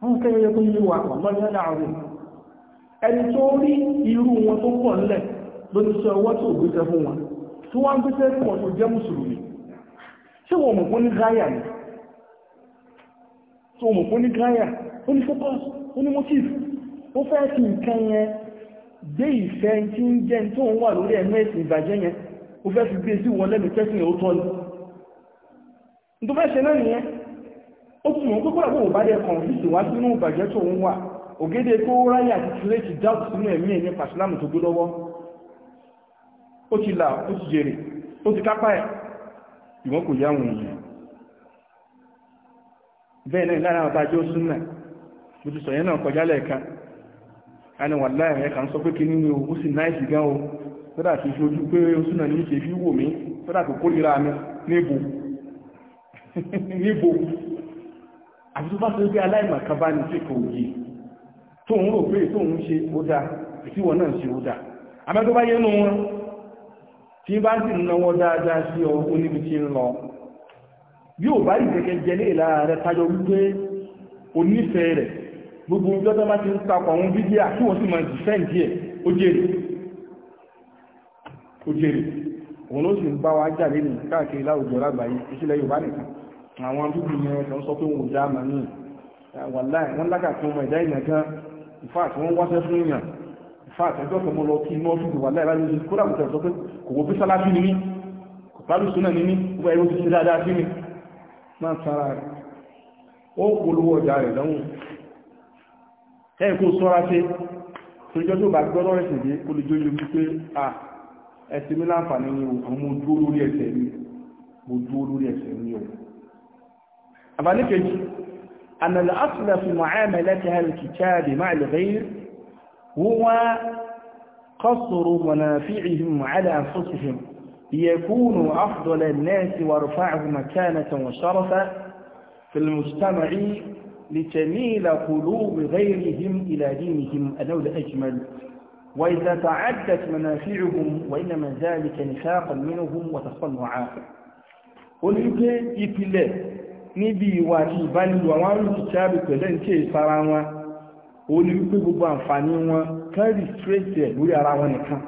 wọ́n kẹ́yẹ yẹ kó yí wa ọ̀gbọ́n ní ọ̀nà àwọn ẹni tó rí irú wọn tó pọ̀ ńlẹ̀ lórí iṣẹ́ ọwọ́ tó gbéṣẹ́ fún wọn tí wọ́n ń gbéṣẹ́ pọ̀ tó jẹ́ mùsùlùmí ṣé wọ́n mọ̀ fún ní gáyà ni tó mọ̀ fún ní gáyà ó ní focus ó ní motive ó fẹ́ kí nǹkan yẹn gbé ìfẹ́ tí ń jẹ́ tó ń wà lórí ẹ̀mẹ́sìn ìbàjẹ́ yẹn ó fẹ́ fi gbé sí wọn lẹ́nu tẹ́sìn na ó tọ́ ni nítorí ẹ̀ṣẹ̀ náà nìyẹn ó tún mọ̀ pípọ̀ àbúrò bá dẹ̀ kàn fíìsì wá sínú ìbàjẹ́ tó ń wà ògédé kó ráyè àti tìrẹ́tì dáàbò sínú ẹ̀mí ẹ̀ nípa ìsìlámù tó gbé ó ti là ó ti jèrè ó ti kápá ẹ̀ ìwọ́n kò yá wọn bẹ́ẹ̀ náà lára ọba mo ti sọ̀yẹ́ náà kọjá lẹ́ẹ̀kan a ní wà láàrin ẹ̀ka ń sọ pé kí nínú sì o sọ́dà kìí ṣe ojú pé o súnà ní ṣe fi wò mí sọ́dà tó kórìíra mi níbo [laughs] níbo àti tó bá tó gbé aláìmọ̀ kan bá ní sí kò yí tó ń rò pé tó ń ṣe ó dá ìtíwọ̀ náà ṣe ó dá àmọ́ tó bá yé nu wọn tí bá sì ń náwó dáadáa sí ọ ó níbi tí ń lọ bí ò bá rí kẹ̀kẹ́ jẹ ní ìlara rẹ tajọ wípé onífẹ̀ẹ́ rẹ̀ gbogbo ọjọ́ tó bá ti ń takọ̀ àwọn bíbí àti wọ́n sì máa jì ẹ̀ ó jèrè kó jèrè òun ló sì ń bá wa jà lé nìyí káàkiri láwùjọ lágbàáyé ìṣẹ̀lẹ̀ Yorùbá nìkan àwọn bíbí yẹn kan sọ pé òun ò dá àmà ní wàláì wọn lágà fún ọmọ ìdá ìyàn gan ìfáàt wọn wáṣẹ fún èèyàn ìfáàt ẹjọ́ kan mo lọ kí inú ọfíìsì wàláì láti ṣe kódà kòtà sọ pé kò wọ́n fi sálá ni mí kò pálù sínú ni mí wọ́n ẹ̀rọ ti ṣe dáadáa sí mi máa tara rẹ̀ ó polówó ọjà rẹ̀ lọ́wọ́ ẹ̀ kó sọ́ra ṣe torí jọ́jọ́ bá gbọ́dọ̀ rẹ̀ sì dé olùjọ́jọ́ wípé ẹsẹ̀ mi láǹfààní ni àwọn mo dúró lórí ẹsẹ̀ mi mo dúró lórí ẹsẹ̀ mi o àǹfààní kejì أن الأصل في معاملتها الكتاب مع الغير هو قصر منافعهم على أنفسهم ليكونوا أفضل الناس وارفعهم مكانة وشرفا في المجتمع لتميل قلوب غيرهم إلى دينهم أنه الأجمل وإذا تعدت منافعهم وإنما ذلك نفاقا منهم وتصنعا onígbé ìpìlẹ̀ níbi ìwà àti ìbánilò àwọn arúgbó tàbí pẹ̀lẹ́ ní tí è sára wọn o ní wípé gbogbo àǹfààní wọn kẹ́rì straight ẹ̀ lórí ara wọn nìkan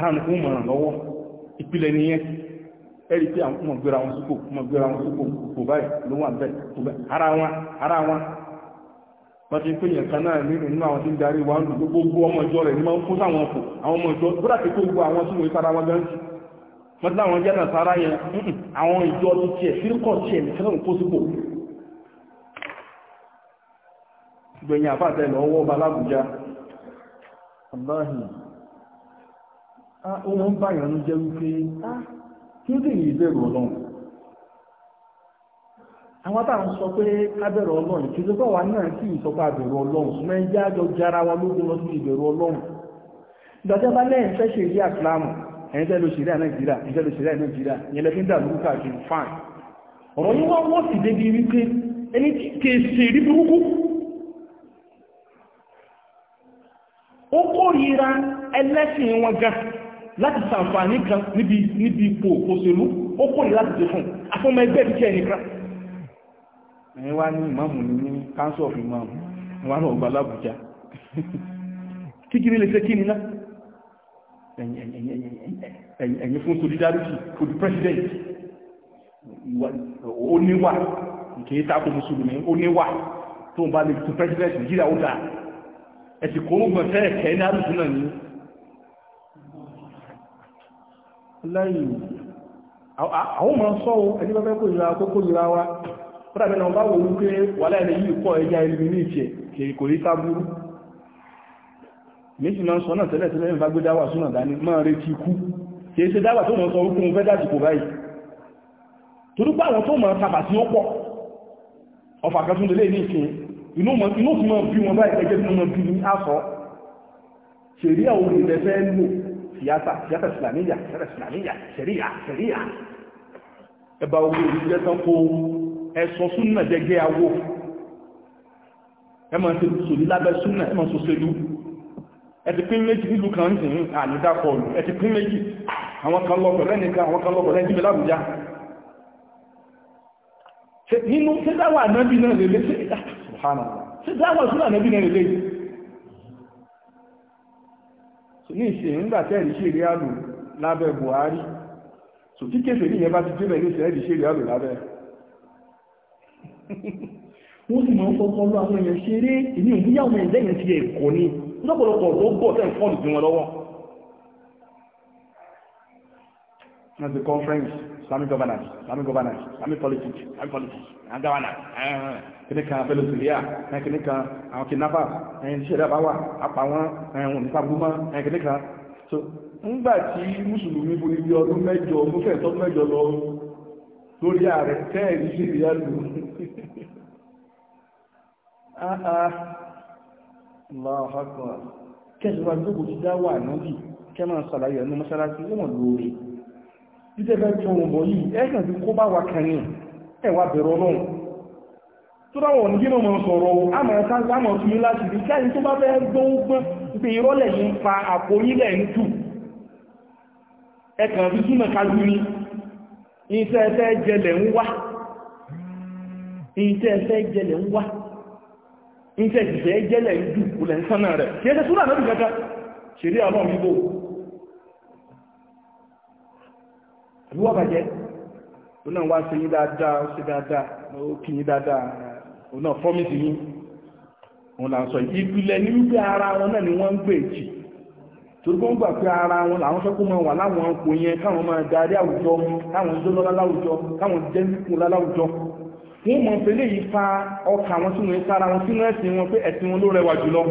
hàn fún mọ̀ràn lọ́wọ́ ìpìlẹ̀ nìyẹn ẹ̀rí pé àwọn ọmọ gbéra wọn sípò ọmọ gbéra wọn sípò kò báyìí ló wà bẹ́ẹ̀ ara wọn wọ́n ti pé yẹn kan náà nínú nínú àwọn tí ń darí wa ń lò gbogbo ọmọ ìjọ rẹ̀ ní máa ń kó sáwọn ọkọ̀ àwọn ọmọ ìjọ bóra ti kó gbogbo àwọn tí wọ́n fara wọn gan jù wọ́n ti láwọn jẹ́ náà sára yẹn àwọn ìjọ ti tiẹ̀ fírkọ̀ tiẹ̀ nìkan náà kó sípò gbẹ̀yìn àfáàtẹ̀ lọ wọ́ ọba lábùjá aláhìn àwọn táwọn sọ pé kábẹ̀rẹ̀ ọlọ́run kí ló bá wà náà kí ìsọpá àbẹ̀rẹ̀ ọlọ́run ṣùgbọ́n ẹjẹ́ àjọ jara wa lógún lọ sí ìbẹ̀rẹ̀ ọlọ́run ìdájọ́ bá lẹ́yìn fẹ́ ṣe rí àkìlámù ẹ̀yìn tẹ́lẹ̀ òṣèré nàìjíríà ìjẹ́lẹ̀ òṣèré nàìjíríà ìyẹn lẹ́fí ń dà lórúkọ àjùm fáìn ọ̀rọ̀ yìí wá wọ́n sì débi wípé ẹni kèsì rí burúkú ó kórìíra ẹlẹ́sìn wọn gan láti sàǹfààní kan níbi ipò òṣèlú ó kórìíra láti ṣe fún àfọmọ ẹgbẹ́ ìbíkẹ́ ẹnìkan ẹ̀yìn wá ní ìmáàmù ní council of imam wọ́n náà gba lábùjá kíkiri lè ṣe kí ni náà ẹ̀yìn fún solidarity for the president ó níwà kìí tako mùsùlùmí ó níwà tó ń bá lè tún president Nigeria ó dáa ẹ̀sì kò ń gbọ̀n fẹ́ẹ̀ kẹ́ ní àrùsùn náà ní lẹ́yìn àwọn ọmọ sọ́wọ́ ẹni bá fẹ́ kó ìra kó kó ìra wa kódà bẹ́ẹ̀ náà bá wò wípé wà láìlẹ̀ yìí kọ́ ẹja ẹlùmí ní ìtì kèrè kò rí sábúrú méjì máa ń sọ náà tẹ́lẹ̀ tẹ́lẹ̀ ń bá gbé dáwà súnà dání máa retí kú kìí ṣe dáwà tó mọ̀ sọ wípé mo fẹ́ dájì kò báyìí torí pé àwọn tó mọ̀ tàbà tí ó pọ̀ ọfà kan tún lélẹ̀ ní ìsìn inú tí máa bí wọn báyìí ẹgbẹ́ tí wọ́n bí ní àsọ ṣèrí àwọn olùdẹ fẹ́ lò síyáta síyáta ìsìlámíyà síyáta ìsìlámíyà ṣẹ̀ríyà ṣẹ̀ríyà ẹba ogun ìdílé tán kó ẹ̀sọ́ súnà jẹgẹ́ awó ẹ máa ṣe sòlí lábẹ́ súnà ẹ máa ṣe òṣèlú ẹ ti pín méjì nílùú kan ń sìn ànídàkọlù ẹ ti pín méjì àwọn kan lọ́pọ̀ lẹ́nìkan àwọn kan lọ́pọ̀ lẹ́nìkan lábùjá nínú tẹ́dáwà náàbí náà lè lé tẹ́dáwà súnà náàbí náà lè lé ní ìṣẹ́ ìgbàtẹ́ ìṣẹ́ ìrìnàlù lábẹ́ Buhari so tí kéfèé ní ìyẹn bá ti débẹ̀ ní ìṣẹ́ ìṣẹ́ ìrìnàlù lábẹ́ wọ́n sì máa ń fọ́pọ́ lọ àwọn èèyàn ṣeré èmi ò níyà àwọn ẹ̀dẹ́ yẹn ti ẹ̀ kọ́ ni lọ́pọ̀lọpọ̀ tó bọ̀ tẹ́ fọ́ọ̀lù sí wọn lọ́wọ́ wọ́n ti conference islamic governance islamic governance islamic politics islamic politics and governance kìnnì kan abẹ́lẹ̀ òsìlíà kìnnì kan àwọn kìnnàfà ẹ̀yìn tí ẹ̀dá bá wà apá wọn ẹ̀yìn ònípa gbúmọ́ ẹ̀yìn kìnnì kan so ńgbà tí mùsùlùmí borí bí ọdún mẹ́jọ mú fẹ́ tọ́ mẹ́jọ lọ lórí ààrẹ tẹ́ẹ̀rí síbi yálù aláhàkọ́ kẹsìwá gbogbo ti dá wà náà bí kẹ máa sàlàyé ẹnu mọ́sálásí wọ́n lóore títẹ́fẹ́ tí wọ́n bọ̀ yìí ẹ̀kàn ti kó bá wa kẹrin ẹ̀wà bẹ̀rọ náà tó dáwọn ní gínà máa sọ̀rọ̀ àmàtàgbàmọ̀ tún ní láti rí káyí tó bá fẹ́ gbọ́ngbọ́n pé ìrọ́lẹ̀ yìí pa àpò yílẹ̀ ń tù ẹ̀kàn fi súnmọ̀ kájú ní ife efe jele ngwa ife efe jele ngwa ife ife jele ndu ule nsana re ti ese sura na dukata shiri ala omigbo ruwa baje ona nwa si yi dada si dada na okinyi dada ona fomiti yi ona so ipile ni ube ara ona ni wọn gbe eji torípé wọ́n gbà pé ara wọn làwọn fẹ́ kó máa wà láwọn ọkọ yẹn káwọn máa darí àwùjọ káwọn jọ́lọ́lá láwùjọ káwọn jẹ́ nípòlá láwùjọ wọ́n mọ̀ pé lè fa ọkà wọn sínú ìsára wọn sínú ẹ̀sìn wọn pé ẹ̀sìn wọn ló rẹwà jùlọ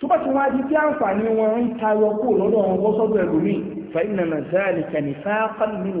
tó bá ti wá di bí àǹfààní wọn ń tayọ kó lọ́dọ̀ wọn wọ́n sọ́dọ̀ ẹlòmíì fàyínà náà záàlì kàní fáfán nínú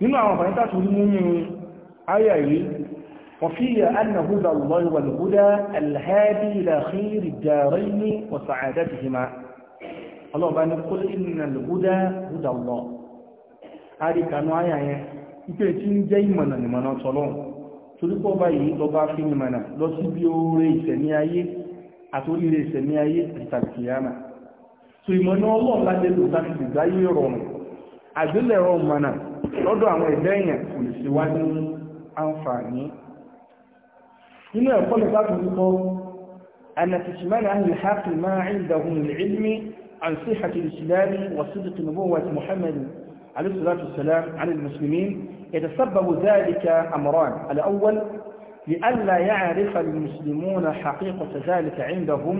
nínú àwọn ọ̀fàní tàbí múnú ayà yìí wọ́n fi yà ánà húdà lọ́yìn wà lùhúdà alhadi ìlàkírí dàrí ní wàsà àdá ti hìmá ọlọ́ọ̀bá ní kó ìnà lùhúdà húdà lọ àríkanú ayà yẹn ipé tí ń jẹ́ ìmọ̀nà ìmọ̀nà tọ́lọ́n torípọ̀ báyìí lọ́bá fi ìmọ̀nà lọ sí lọ́dọ̀ àwọn ẹ̀dá èèyàn kò lè ṣe wá ní àǹfààní nínú ẹ̀kọ́ lè bá tún kọ́ anàtìṣìmánà ahìlì hafi máa ń dàhùn ilmi عن صحة الإسلام وصدق نبوة محمد عليه الصلاة والسلام على المسلمين يتسبب ذلك أمران الأول لئلا يعرف المسلمون حقيقة ذلك عندهم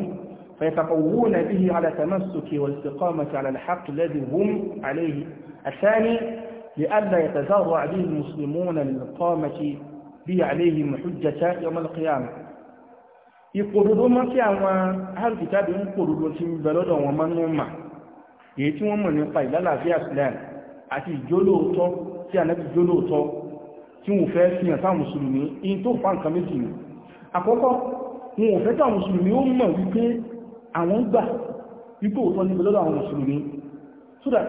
فيتقوون به على تمسك والاستقامة على الحق الذي هم عليه الثاني لئلا يتزرع به المسلمون للقامة به عليهم حجة يوم القيامة ìkòdòdó mọ́ sí àwọn alìkìtàbí ń kòdòdó tí ń bẹ lọ́dọ̀ wọn mọ́nú mà èyí tí wọ́n mọ̀ nípa ìlàlàfíà islam àti ìjólóòtọ́ tí a nẹ́bí jólóòtọ́ tí wọ́n fẹ́ fi hàn sáwọn mùsùlùmí in tó fa nǹkan méjì ni àkọ́kọ́ wọn ò fẹ́ táwọn mùsùlùmí ó mọ̀ wípé àwọn gbà wípé òótọ́ níbẹ̀ lọ́dọ̀ àwọn mùsùlùmí so that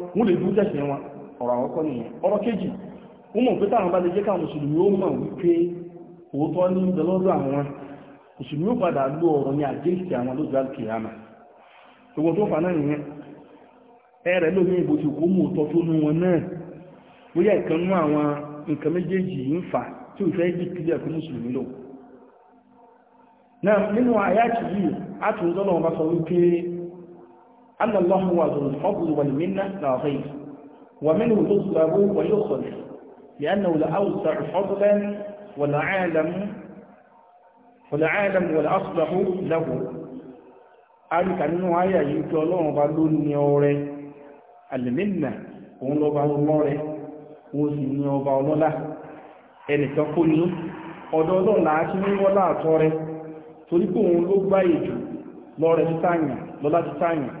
wọ́n lè dúró tẹ̀sìn wọn ọ̀rọ̀ àwọn kọ́ ọ̀rọ̀ kejì wọ́n mọ̀ pé táwọn bá lè jẹ́ káwọn mùsùlùmí ó mọ̀ wípé òótọ́ ní ìbẹ̀ lọ́dọ̀ àwọn mùsùlùmí ó padà lo ọ̀rọ̀ ní àjẹ́sì àwọn lójú àkìyàmà tó fà náà nìyẹn ẹ̀rẹ̀ lómi ìbò ti kó mú òótọ́ tó nú wọn náà bóyá ìkan nú àwọn nǹkan méjèèjì ń fà tí ò fẹ́ kílẹ̀ fún mùsùlùmí أن الله هو ذو الفضل والمنة لا غير ومنه يطلب ويخرج لأنه لأوسع فضلا والعالم والعالم والأصلح له àríkà nínú ayà yìí tí ọlọ́run bá ló ní ọrẹ alìmínà òun lọba ọlọ́rẹ wọ́n sì ní ọba ọlọ́lá ẹnìkan kó ní ọ̀dọ̀ ọlọ́run láti ní wọ́lá àtọ́rẹ torí pé òun ló gbá ìjù lọ́rẹ títàyàn lọ́lá títàyàn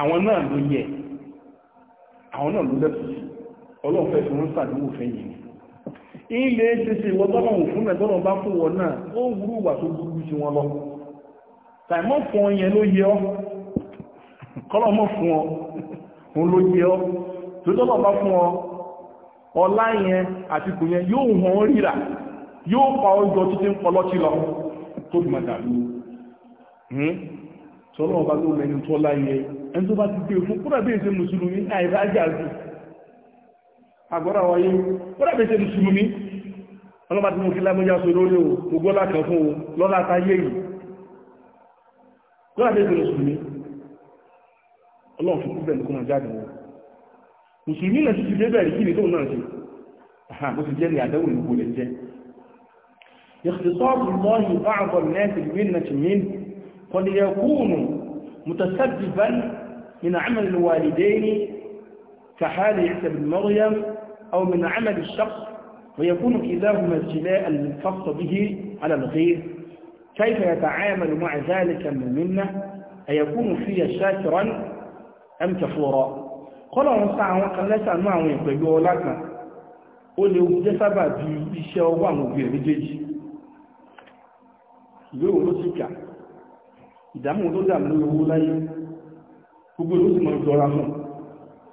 àwọn náà ló yẹ àwọn náà ló lẹ́tọ̀ọ́ sí ọlọ́run fẹ́ fi wọ́n sàdúgbò fẹ́ yìí ilé ṣeṣe ìwọ tọ́lọ̀hùn fún ẹ̀tọ́lọ̀ bá fún wọn náà ó wúrú wà tó burú sí wọn lọ tàìmọ́ fún ọ yẹn ló yẹ ọ́ kọ́lọ̀mọ́ fún ọ òun ló yẹ ọ́ tó tọ́lọ̀ bá fún ọ ọlá yẹn àti kù yẹn yóò hàn ó ríra yóò pa ọjọ́ tó ti ń pọ lọ́tí lọ tó bí màdàlú hmm? tọ́lọ̀ bá tó lẹ́ni tó láyẹ ẹni tó bá ti gbé fún kúrò bí i ṣe mùsùlùmí àìbá jàzù àgbọ́ra wáyé kúrò bí i ṣe mùsùlùmí ọlọ́pàá tí mo kí lámújá sọ lórí o gbogbo lákan fún o lọ́lá táyé yìí kúrò bí i ṣe mùsùlùmí ọlọ́run fi kú bẹ̀rẹ̀ kó máa jáde wọn mùsùlùmí náà ti fi bẹ̀rẹ̀ kí ni tóun náà ṣe àhà bó ti jẹ́ ní àdáwò ìlú rẹ̀ jẹ́ اختصاص الله بعض الناس بمنة منه قد يكون متسببا من عمل الوالدين كحال عيسى بن مريم أو من عمل الشخص ويكون كلاهما الجلاء الخاص به على الغير كيف يتعامل مع ذلك المؤمن أيكون فيه شاكرا أم كفورا قال الله تعالى àwọn kan lẹ́sàánú يقول لك ọlá kan ó lè jẹ́ sábà bí iṣẹ́ ọwọ́ àwọn òbí méjèèjì gbogbo ló sì mọ̀ jọra fún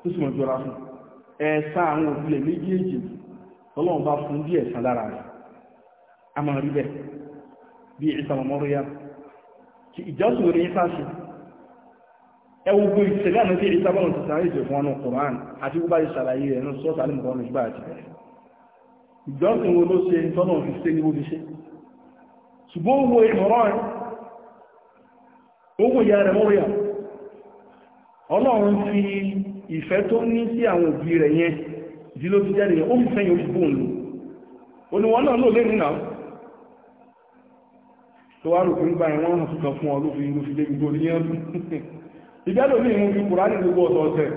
ló sì mọ̀ jọra fún ẹ̀san àwọn òbílẹ̀ méjèèjì lọ́lọ́run bá fún bí ẹ̀san lára rẹ̀ a máa rí bẹ́ẹ̀ bí ìsà mọ̀mọ́rọ́ yá kí ìjọsìn rẹ̀ yíká sí ẹwọ gbé ìṣẹ̀lẹ̀ àná sí ìsà bọ́ọ̀lù tuntun àìsè fún ọnà Kùránì àti bó bá ti ṣàlàyé ọlọ́run fi ìfẹ́ tó ní sí àwọn òbí rẹ̀ yẹn dí ló fi jáde yẹn ó fi fẹ́yìn oṣù bóun lò náà lò lẹ́nu náà tó wá rò pé ń gba ẹ̀wọ̀n fún ọ ló fi ló fi débi gbòòrò yẹn lù ìjádò ní ìmú fi kùrá ní gbogbo ọ̀sọ̀ọ̀sẹ̀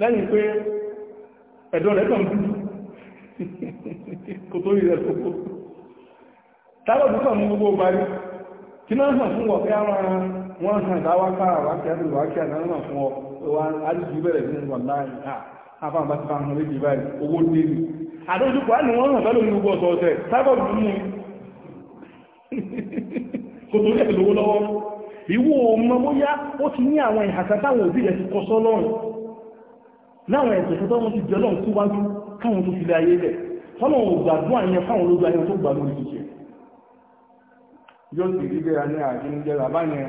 lẹ́yìn pé ẹ̀dọ̀ rẹ̀ [laughs] kò tó rí rẹ̀ tó mú gbogbo parí kí náà tó wá àdìjú bẹ̀rẹ̀ sí wà láàrin àfáà bá ti fa àwọn méjì báyìí owó dé ní àdójúkọ̀ á ní wọ́n hàn fẹ́lẹ̀ gbogbo ọ̀sọ̀ọ̀sẹ̀ sábọ̀ mú kò tó lẹ́ẹ̀ lówó lọ́wọ́ ìwò ọmọ bóyá ó ti ní àwọn ìhàsá táwọn òbí rẹ̀ ti kọ sọ́lọ́run láwọn ẹ̀sẹ̀ tó wọ́n ti jẹ́ lọ́run tó wájú káwọn tó filẹ̀ ayé rẹ̀ tọ́nà ògbàdúrà yẹn fáwọn ológun ayé tó gbà lórí ìṣẹ́ yóò sì rí bẹ́ẹ̀ ní àjẹnijẹ́ bàbá yẹn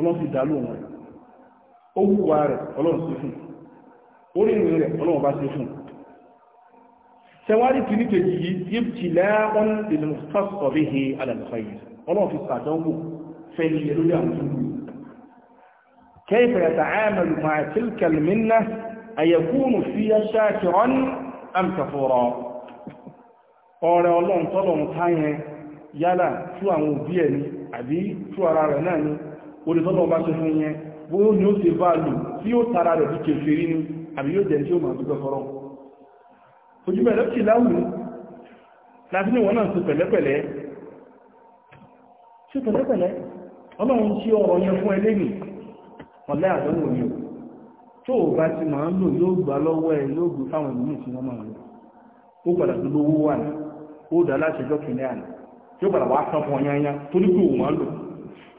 ọlọ́run ti dàlú wọn ó wúwa rẹ̀ ọlọ́run sí fún orí ìrìn rẹ̀ ọlọ́run bá sí fún sẹwárí kìíní kejì yìí yìí ti lẹ́wọ́n ìlú sọ́sọ̀rí he yìí ọlọ́run fi sàdánwò fẹ́ni lórí àwọn tó wù كيف يتعامل مع تلك المنة أيكون فيها شاكرا أم كفورا ọ̀rẹ́ ọlọ́run tọ́lọ̀run táyẹn yálà tú àwọn òbí ẹ̀ ni àbí tú ara rẹ̀ náà ni olùsọ́nà ọba ṣe fún yẹn bóyá ni o ṣe tí tara rẹ̀ bí kèfèrí ni àbí yóò jẹ́ tí ó máa ojú bẹ̀rẹ̀ kì láwùú láti ní wọn náà ṣe pẹ̀lẹ́pẹ̀lẹ́ ṣe pẹ̀lẹ́pẹ̀lẹ́ tí fún àdánwò ni tó o bá ti máa ń lò yóò gbà ẹ yóò gbé fáwọn ìlú tí máa lò ó tó lówó wà fún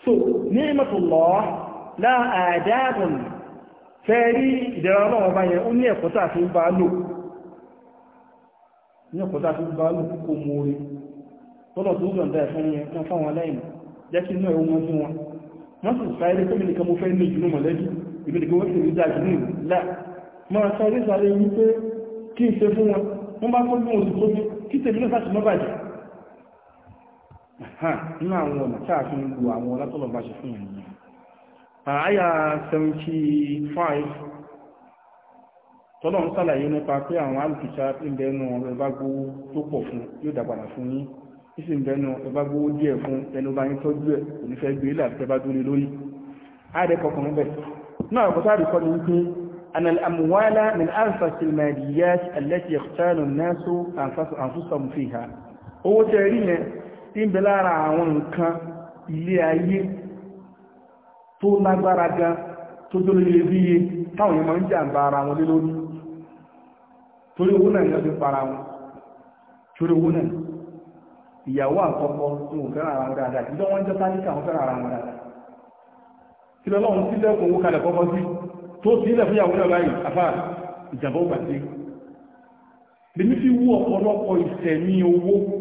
so ní ìmọ̀tòlọ́ láà àdáàbùn fẹ́ rí ìdẹ̀rọ ọlọ́wọ́ bá yẹn ó ní ẹ̀kọ́ tàà fi ń bá lò ní ẹ̀kọ́ tàà fi ń bá lò kó mú orí tọ́lọ̀ tó gbọ̀ndà ẹ̀fún yẹn kan fáwọn aláìn jẹ́ kí inú ẹ̀wọ́n nínú àwọn ọ̀nà tí a fi ń lo àwọn ọlátọ́lọ̀ bá ṣe fún ìrìnà àáyà 75 tọ́lọ̀ ń sàlàyé nípa pé àwọn alùpìta ìbẹ̀nu ẹbágbó tó pọ̀ fún yóò dàgbàdà fún yín ìsìn ìbẹ̀nu ẹbágbó díẹ̀ fún ẹnu bá yín tọ́jú ẹ̀ kò ní fẹ́ gbé e láti ẹbá dúró lórí ààrẹ kọkàn bẹ̀ náà ọkọ̀ sáà rìkọ́ ni wípé anal min anfasil madiyat allati yaxtanu nasu anfusahum fiha owó tẹ́ rí yẹn ń bẹ lára àwọn nǹkan ilé ayé tó lágbára gan tó tó lè bí iye táwọn èèyàn máa ń jàǹbá ara wọn lé lórí torí owó náà yọ́n para wọn torí owó náà ìyàwó àkọ́kọ́ tí wọ́n fẹ́ràn ara wọn dáadáa ìjọ wọn jẹ́ fẹ́ràn ara wọn dáadáa kí lọ́lọ́run sílẹ̀ kò owó kalẹ̀ kọ́kọ́ sí tó náà báyìí afá ìjàmbá ó fi wú ọ̀pọ̀lọpọ̀ owó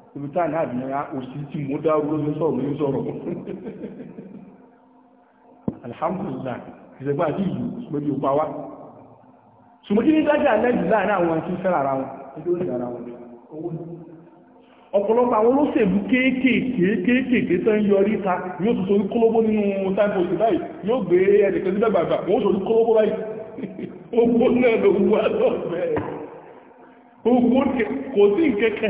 ibi tá ní àdìyàn òsì tí mo dárú ló sọ̀rọ̀ ló sọ̀rọ̀ alhamdulillah ìṣẹ̀gbọ́n àti ìlú lórí òpá wá ṣùgbọ́n kí ní dájú àlẹ́jù láàrin àwọn tí ń fẹ́ ara wọn nítorí òsì ara wọn ọ̀pọ̀lọpọ̀ àwọn olóṣèlú kéékèèké kéékèèké tó ń yọrí ta yóò tún sorí kólóbó nínú táìpù òsì báyìí yóò gbé ẹnìkan síbẹ̀ gbàgbà wọ́n sorí kólóbó báyìí [laughs] ó gbó náà ló wú àtọ̀ bẹ́ẹ̀ kò sí nkẹ́kẹ́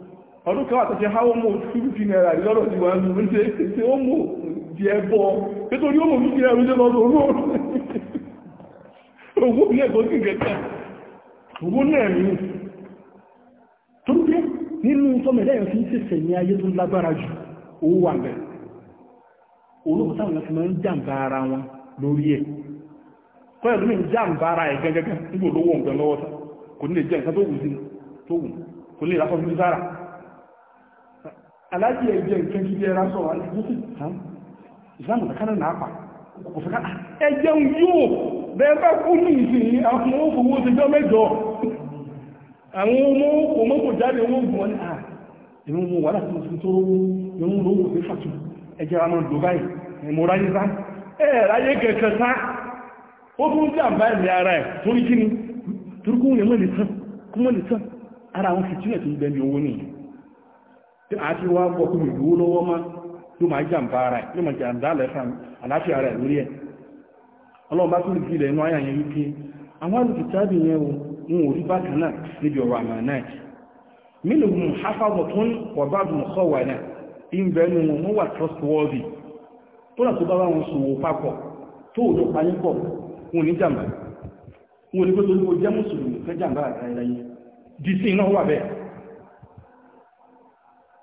ọdún kan àtọ́ṣe háwọ́ mọ̀ fífí náírà lọ́rọ̀ ti wọ́n mú ṣe ṣe ó mọ̀ di ẹbọ nítorí ó mọ̀ fífí náírà lọ́rọ̀ owó owó ní ẹ̀kọ́ sí ìgẹ̀kẹ́ owó náà ní tó gbé nínú tọ́mẹ̀lẹ́yàn fi ń ṣẹ̀ṣẹ̀ ní ayé tó lágbára jù owó wà bẹ̀rẹ̀ olóòkú táwọn ẹ̀fẹ́ máa ń jàǹbá ara wọn lórí ẹ̀ kọ́yẹ̀ lórí ń jàǹbá ara ẹ̀ gẹ́gẹ́gẹ́ nígbò lówó ǹkan lọ́wọ́ kò ní lè jẹ́ nǹkan tó wù sí tó wù kò ní lè lásán fún sára aláàjì ẹgbẹ́ nke jíjẹ ẹra sọ wà lẹ́gbẹ́sì tán ìsìlámù kankaná náà pa kò fẹ́ káà ah, ẹjẹun yóò bẹ́ẹ̀ bá kú ní ìsìn àwọn òfòwò ti jọ mẹ́jọ àwọn ọmọ òkò mọ́kò jáde owó gbọ́n ah, ní à ìrún mú wàhálà àti wá gbọ́ pé ìlú lọ́wọ́ má tó máa jàǹbá ara ẹ̀ yóò máa jàǹbá lẹ́fà àláfíà ara ẹ̀ lórí ẹ̀ ọlọ́run bá tún lè ilẹ̀ inú ayà yẹn wípé àwọn àlùkì tábì yẹn o wọn ò rí bákan náà níbi ọ̀rọ̀ àmà náà mílò mú hafáwọ̀ tó ń wà bá dùn kọ́ wà náà ìbẹ̀ nù wọn wà trustworthy tó nà tó bá wọn sòwò papọ̀ tó òjò payín pọ̀ wọn ní jàǹbá wọn ní pé tó ní mo jẹ́ mùsùlùmí fẹ́ jàǹbá àtàrà yìí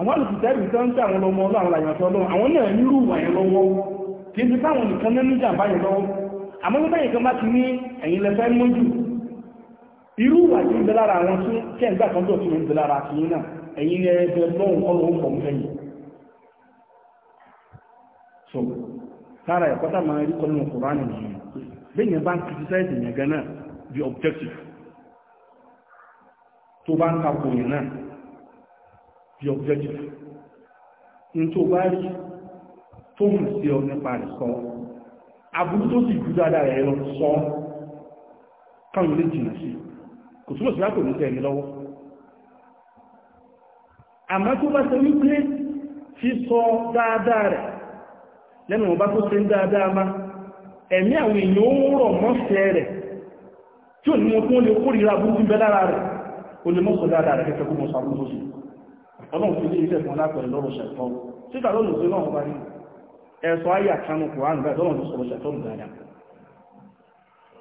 àwọn alùpùpù tó ń tẹ àwọn ọmọ ọlọ́ àwọn àyànfẹ́ ọlọ́run àwọn náà nírú ìwà yẹn lọ́wọ́ kì í ti báwọn nìkan nínú jàǹbá yẹn lọ́wọ́ àmọ́ nígbà yìí kan bá ti ní ẹ̀yìn lẹ́fẹ́ irú lára àwọn tún kẹ́ ìgbà kan tó ń lára àti yín náà ẹ̀yìn ọlọ́run pọ̀ so lára ẹ̀kọ́ tá máa rí kùránì nìyẹn bẹ́ẹ̀ yẹn bá the objective ní tó bá rí tó mú sí ọ nípa rẹ̀ sọ aburú tó sì jù dáadáa rẹ̀ lọ sọ káwọn ilé jìnà sí kò túnbọ̀ sí lápò nípa ẹni lọ́wọ́ àmọ́ tó bá ṣe wípé sísọ dáadáa rẹ̀ lẹ́nu ọba tó ṣe ń dáadáa má ẹ̀mí àwọn èèyàn ó rọ̀ mọ́ṣẹ́ rẹ̀ tí ò ní wọn tó lè kórìíra burúkú bẹ́ lára rẹ̀ ó lè mọ́ṣọ́ dáadáa rẹ̀ kẹ́kẹ́ kó mọ́ṣọ́ àbúrò sí i ọlọ́run fi ní ilẹ̀ fún alápẹ̀rẹ̀ lọ́rọ̀ ṣẹ̀tọ́ síta lọ́nà sí náà bá ní ẹ̀sọ́ ayé àkánú kòránù bẹ́ẹ̀ tọ́lọ̀ sọ̀rọ̀ ṣẹ̀tọ́ nù dáadáa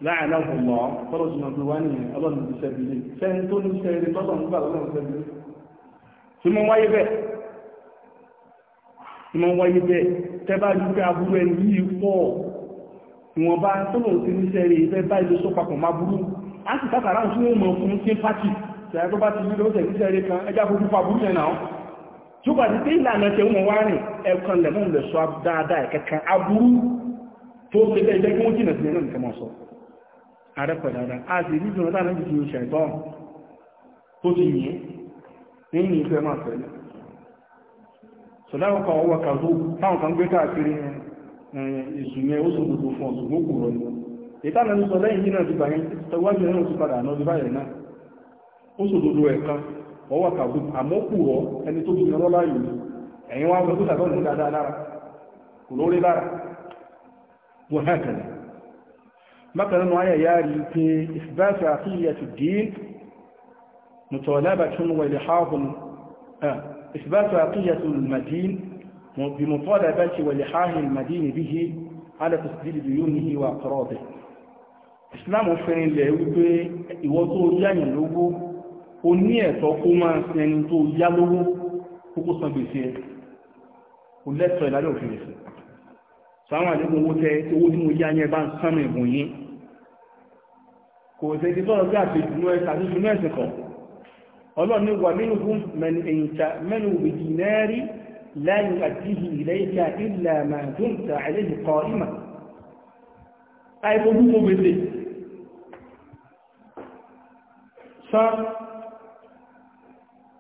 láàrín àwòmọ́ tọ́lọ̀ sí ọdún wá ní ọlọ́run ti ṣẹ́bi ní sẹ́ni tó ní sẹ́ni tọ́lọ̀ ń gbà lọ́lọ́run ṣẹ́bi ní tí mo wáyé bẹ́ẹ̀ tí mo wáyé bẹ́ẹ̀ tẹ́ bá ju pé aburú ẹni yìí pọ̀ ìwọ̀nba tọ́lọ̀ sí ní sẹ́ni ìfẹ́ bá ilé sọ́pàpọ̀ má burú á sì sákàrà ń tún mọ̀ fún sí pátì sẹ̀rẹ̀ tó bá ti nílò tẹ̀lú sẹ́rẹ̀ kan ẹjá fojú fàbúrú yẹn náà tó bá ti pé ìlànà tẹ̀ wọ́n wá rìn ẹ̀kan lẹ̀mọ́ lè sọ dáadáa ẹ̀kẹ́kan aburú tó ṣe tẹ́ ìjẹ́ kí wọ́n jìnà sí ẹ̀rọ nìkan mọ̀ sọ ààrẹ pẹ̀dáda a sì rí ìdùnnú táwọn ẹ̀jì ti ṣẹ̀ gbọ́n tó ti yìn nínú ìfẹ́ máa fẹ́ sọ̀dáwọ̀ kan ọwọ́ kan tó táwọn kan gbé káàkiri eh, ìsùnyẹ ó sì gbogbo fún ọ̀sùn gbogbo rọ̀ ìtànà ń sọ lẹ́yìn náà ti bàyẹn tẹwájú náà ti padà náà ti báyẹ̀ náà ó sòdodo ẹ̀ka wọ́n wà kàbù àmọ́ kù rọ ẹni tó gbìyàn lọ́lá yìí ẹ̀yìn wá gbogbo sàtọ́ ní dáadáa lára kò lórí lára wọ́n hàn kẹ̀lẹ̀ bákan nínú ayẹ̀ yá rí pé ìfìbáṣà àfihàn ti dín mùtọ̀lábàtún wà ilẹ̀ háhùn إثبات عقية المدين بمطالبة ولحاح المدين به على تسديد ديونه وأقراضه Islam fẹ́rin lẹ̀ wípé ìwọ tó o ní ẹ̀tọ́ kó máa sin ẹni tó yá lówó kókó san gbèsè ẹ̀ kò lẹ́tọ̀ ìlàlẹ́ òfin ẹ̀sìn sáwọn àdéhùn owó tẹ owó tí mo yá yẹn bá ń sánmọ̀ ẹ̀bùn yín kò tẹ́ ti sọ̀rọ̀ bí àti ìdùnnú ẹ̀sìn àti ẹ̀sìn kan ọlọ́run ní wà nínú fún mẹ́nu òbìdì náírì láyìn àdíhì ìlẹ́yìnká ìlà máa dùn tà àlejò kọ ìmà láì fojú mo gbèsè san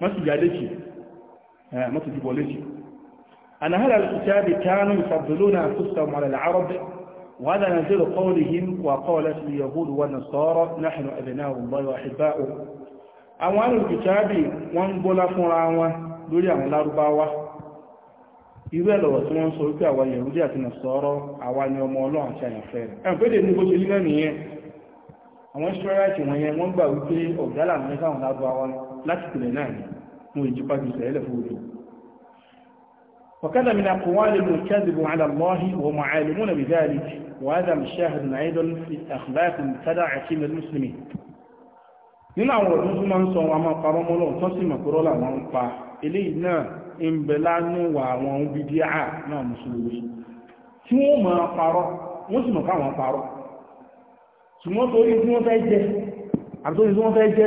masu yade shi masu jibole shi أن أهل الكتاب كانوا يفضلون أنفسهم على العرب وهذا نزيل قولهم وقالت اليهود la نحن أبناء الله وأحباؤه أو أهل الكتاب وانبولا na لولي أن a رباوة ìwé ẹ̀lọ̀wọ̀ tí wọ́n ń sọ wípé àwọn yẹ̀rúdí àti nàṣọ́rọ̀ àwọn ni ọmọ ọlọ́run àti àyànfẹ́ rẹ̀ ẹ̀fẹ́dẹ̀ ní bó ṣe lílẹ̀ nìyẹn àwọn israelite wọ́n gbà wípé ọ̀gá láti pìlẹ̀ náà ni wọn ìjípa jù sẹ́lẹ̀ fòdò وكذا من أقوالهم الكذب على الله وهم عالمون بذلك وهذا مشاهد أيضا في أخلاق تدع عشيم المسلمين nínú àwọn ọ̀dún tó máa ń sọ wọn máa parọ́ mọ́ lọ́wọ́ tó sì mọ̀ kúrọ́ làwọn ń pa eléyìí náà ń bẹ lánúwà àwọn bídíà náà mùsùlùmí tí wọ́n máa parọ́ wọ́n sì mọ̀ káwọn parọ́ ṣùgbọ́n torí tí wọ́n fẹ́ jẹ àti tí wọ́n fẹ́ jẹ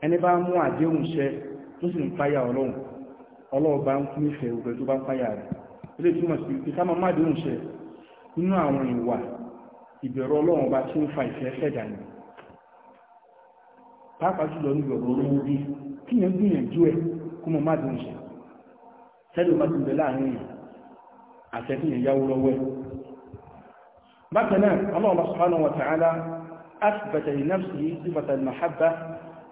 ẹni bá mú àdéhùn ṣẹ tó sì ń páyà ọlọ́run ọlọ́run bá ń fún ìfẹ́ òpẹ́ tó bá páyà rẹ̀ ilé túmọ̀ sí pé ká máa má àdéhùn ṣẹ nínú àwọn ìwà ìbẹ̀rù ọlọ́run bá tí ń fa ìfẹ́ fẹ̀dà ni pàápàá jùlọ ní ìbẹ̀rù olówó bí kí yẹn gbìyànjú ẹ kó mọ má àdéhùn ṣẹ sẹ́lẹ̀ bá ti bẹ̀ láàrin yìí àtẹ́kùn yẹn yáwó lọ́wọ́ ẹ bákan náà ọlọ́run bá subhanahu wa ta'ala athbata li nafsihi sifata al-mahabba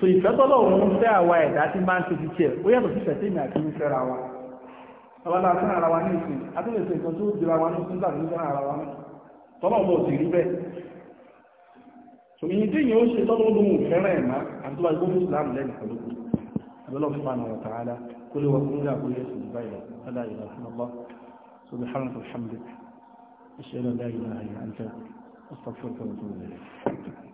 so ìfẹ́ tọ́lọ̀ òun fẹ́ àwa ẹ̀dá tí máa ń ṣe jíjẹ́ ó yàtọ̀ sí ṣẹ̀tí ìmì àti ní fẹ́ra wa ọwọ́n láti ara wa ní ìsìn àtúnlẹ̀sẹ̀ nǹkan tó jìra wa ní sínsà ní fẹ́ra ara wa tọ́lọ̀ bọ̀ sí rí bẹ́ẹ̀ so ìyí tí yìí ó ṣe tọ́lọ̀ ó lóhun fẹ́ràn ẹ̀má àti tó bá gbóhùn Islam lẹ́nu pẹ̀lú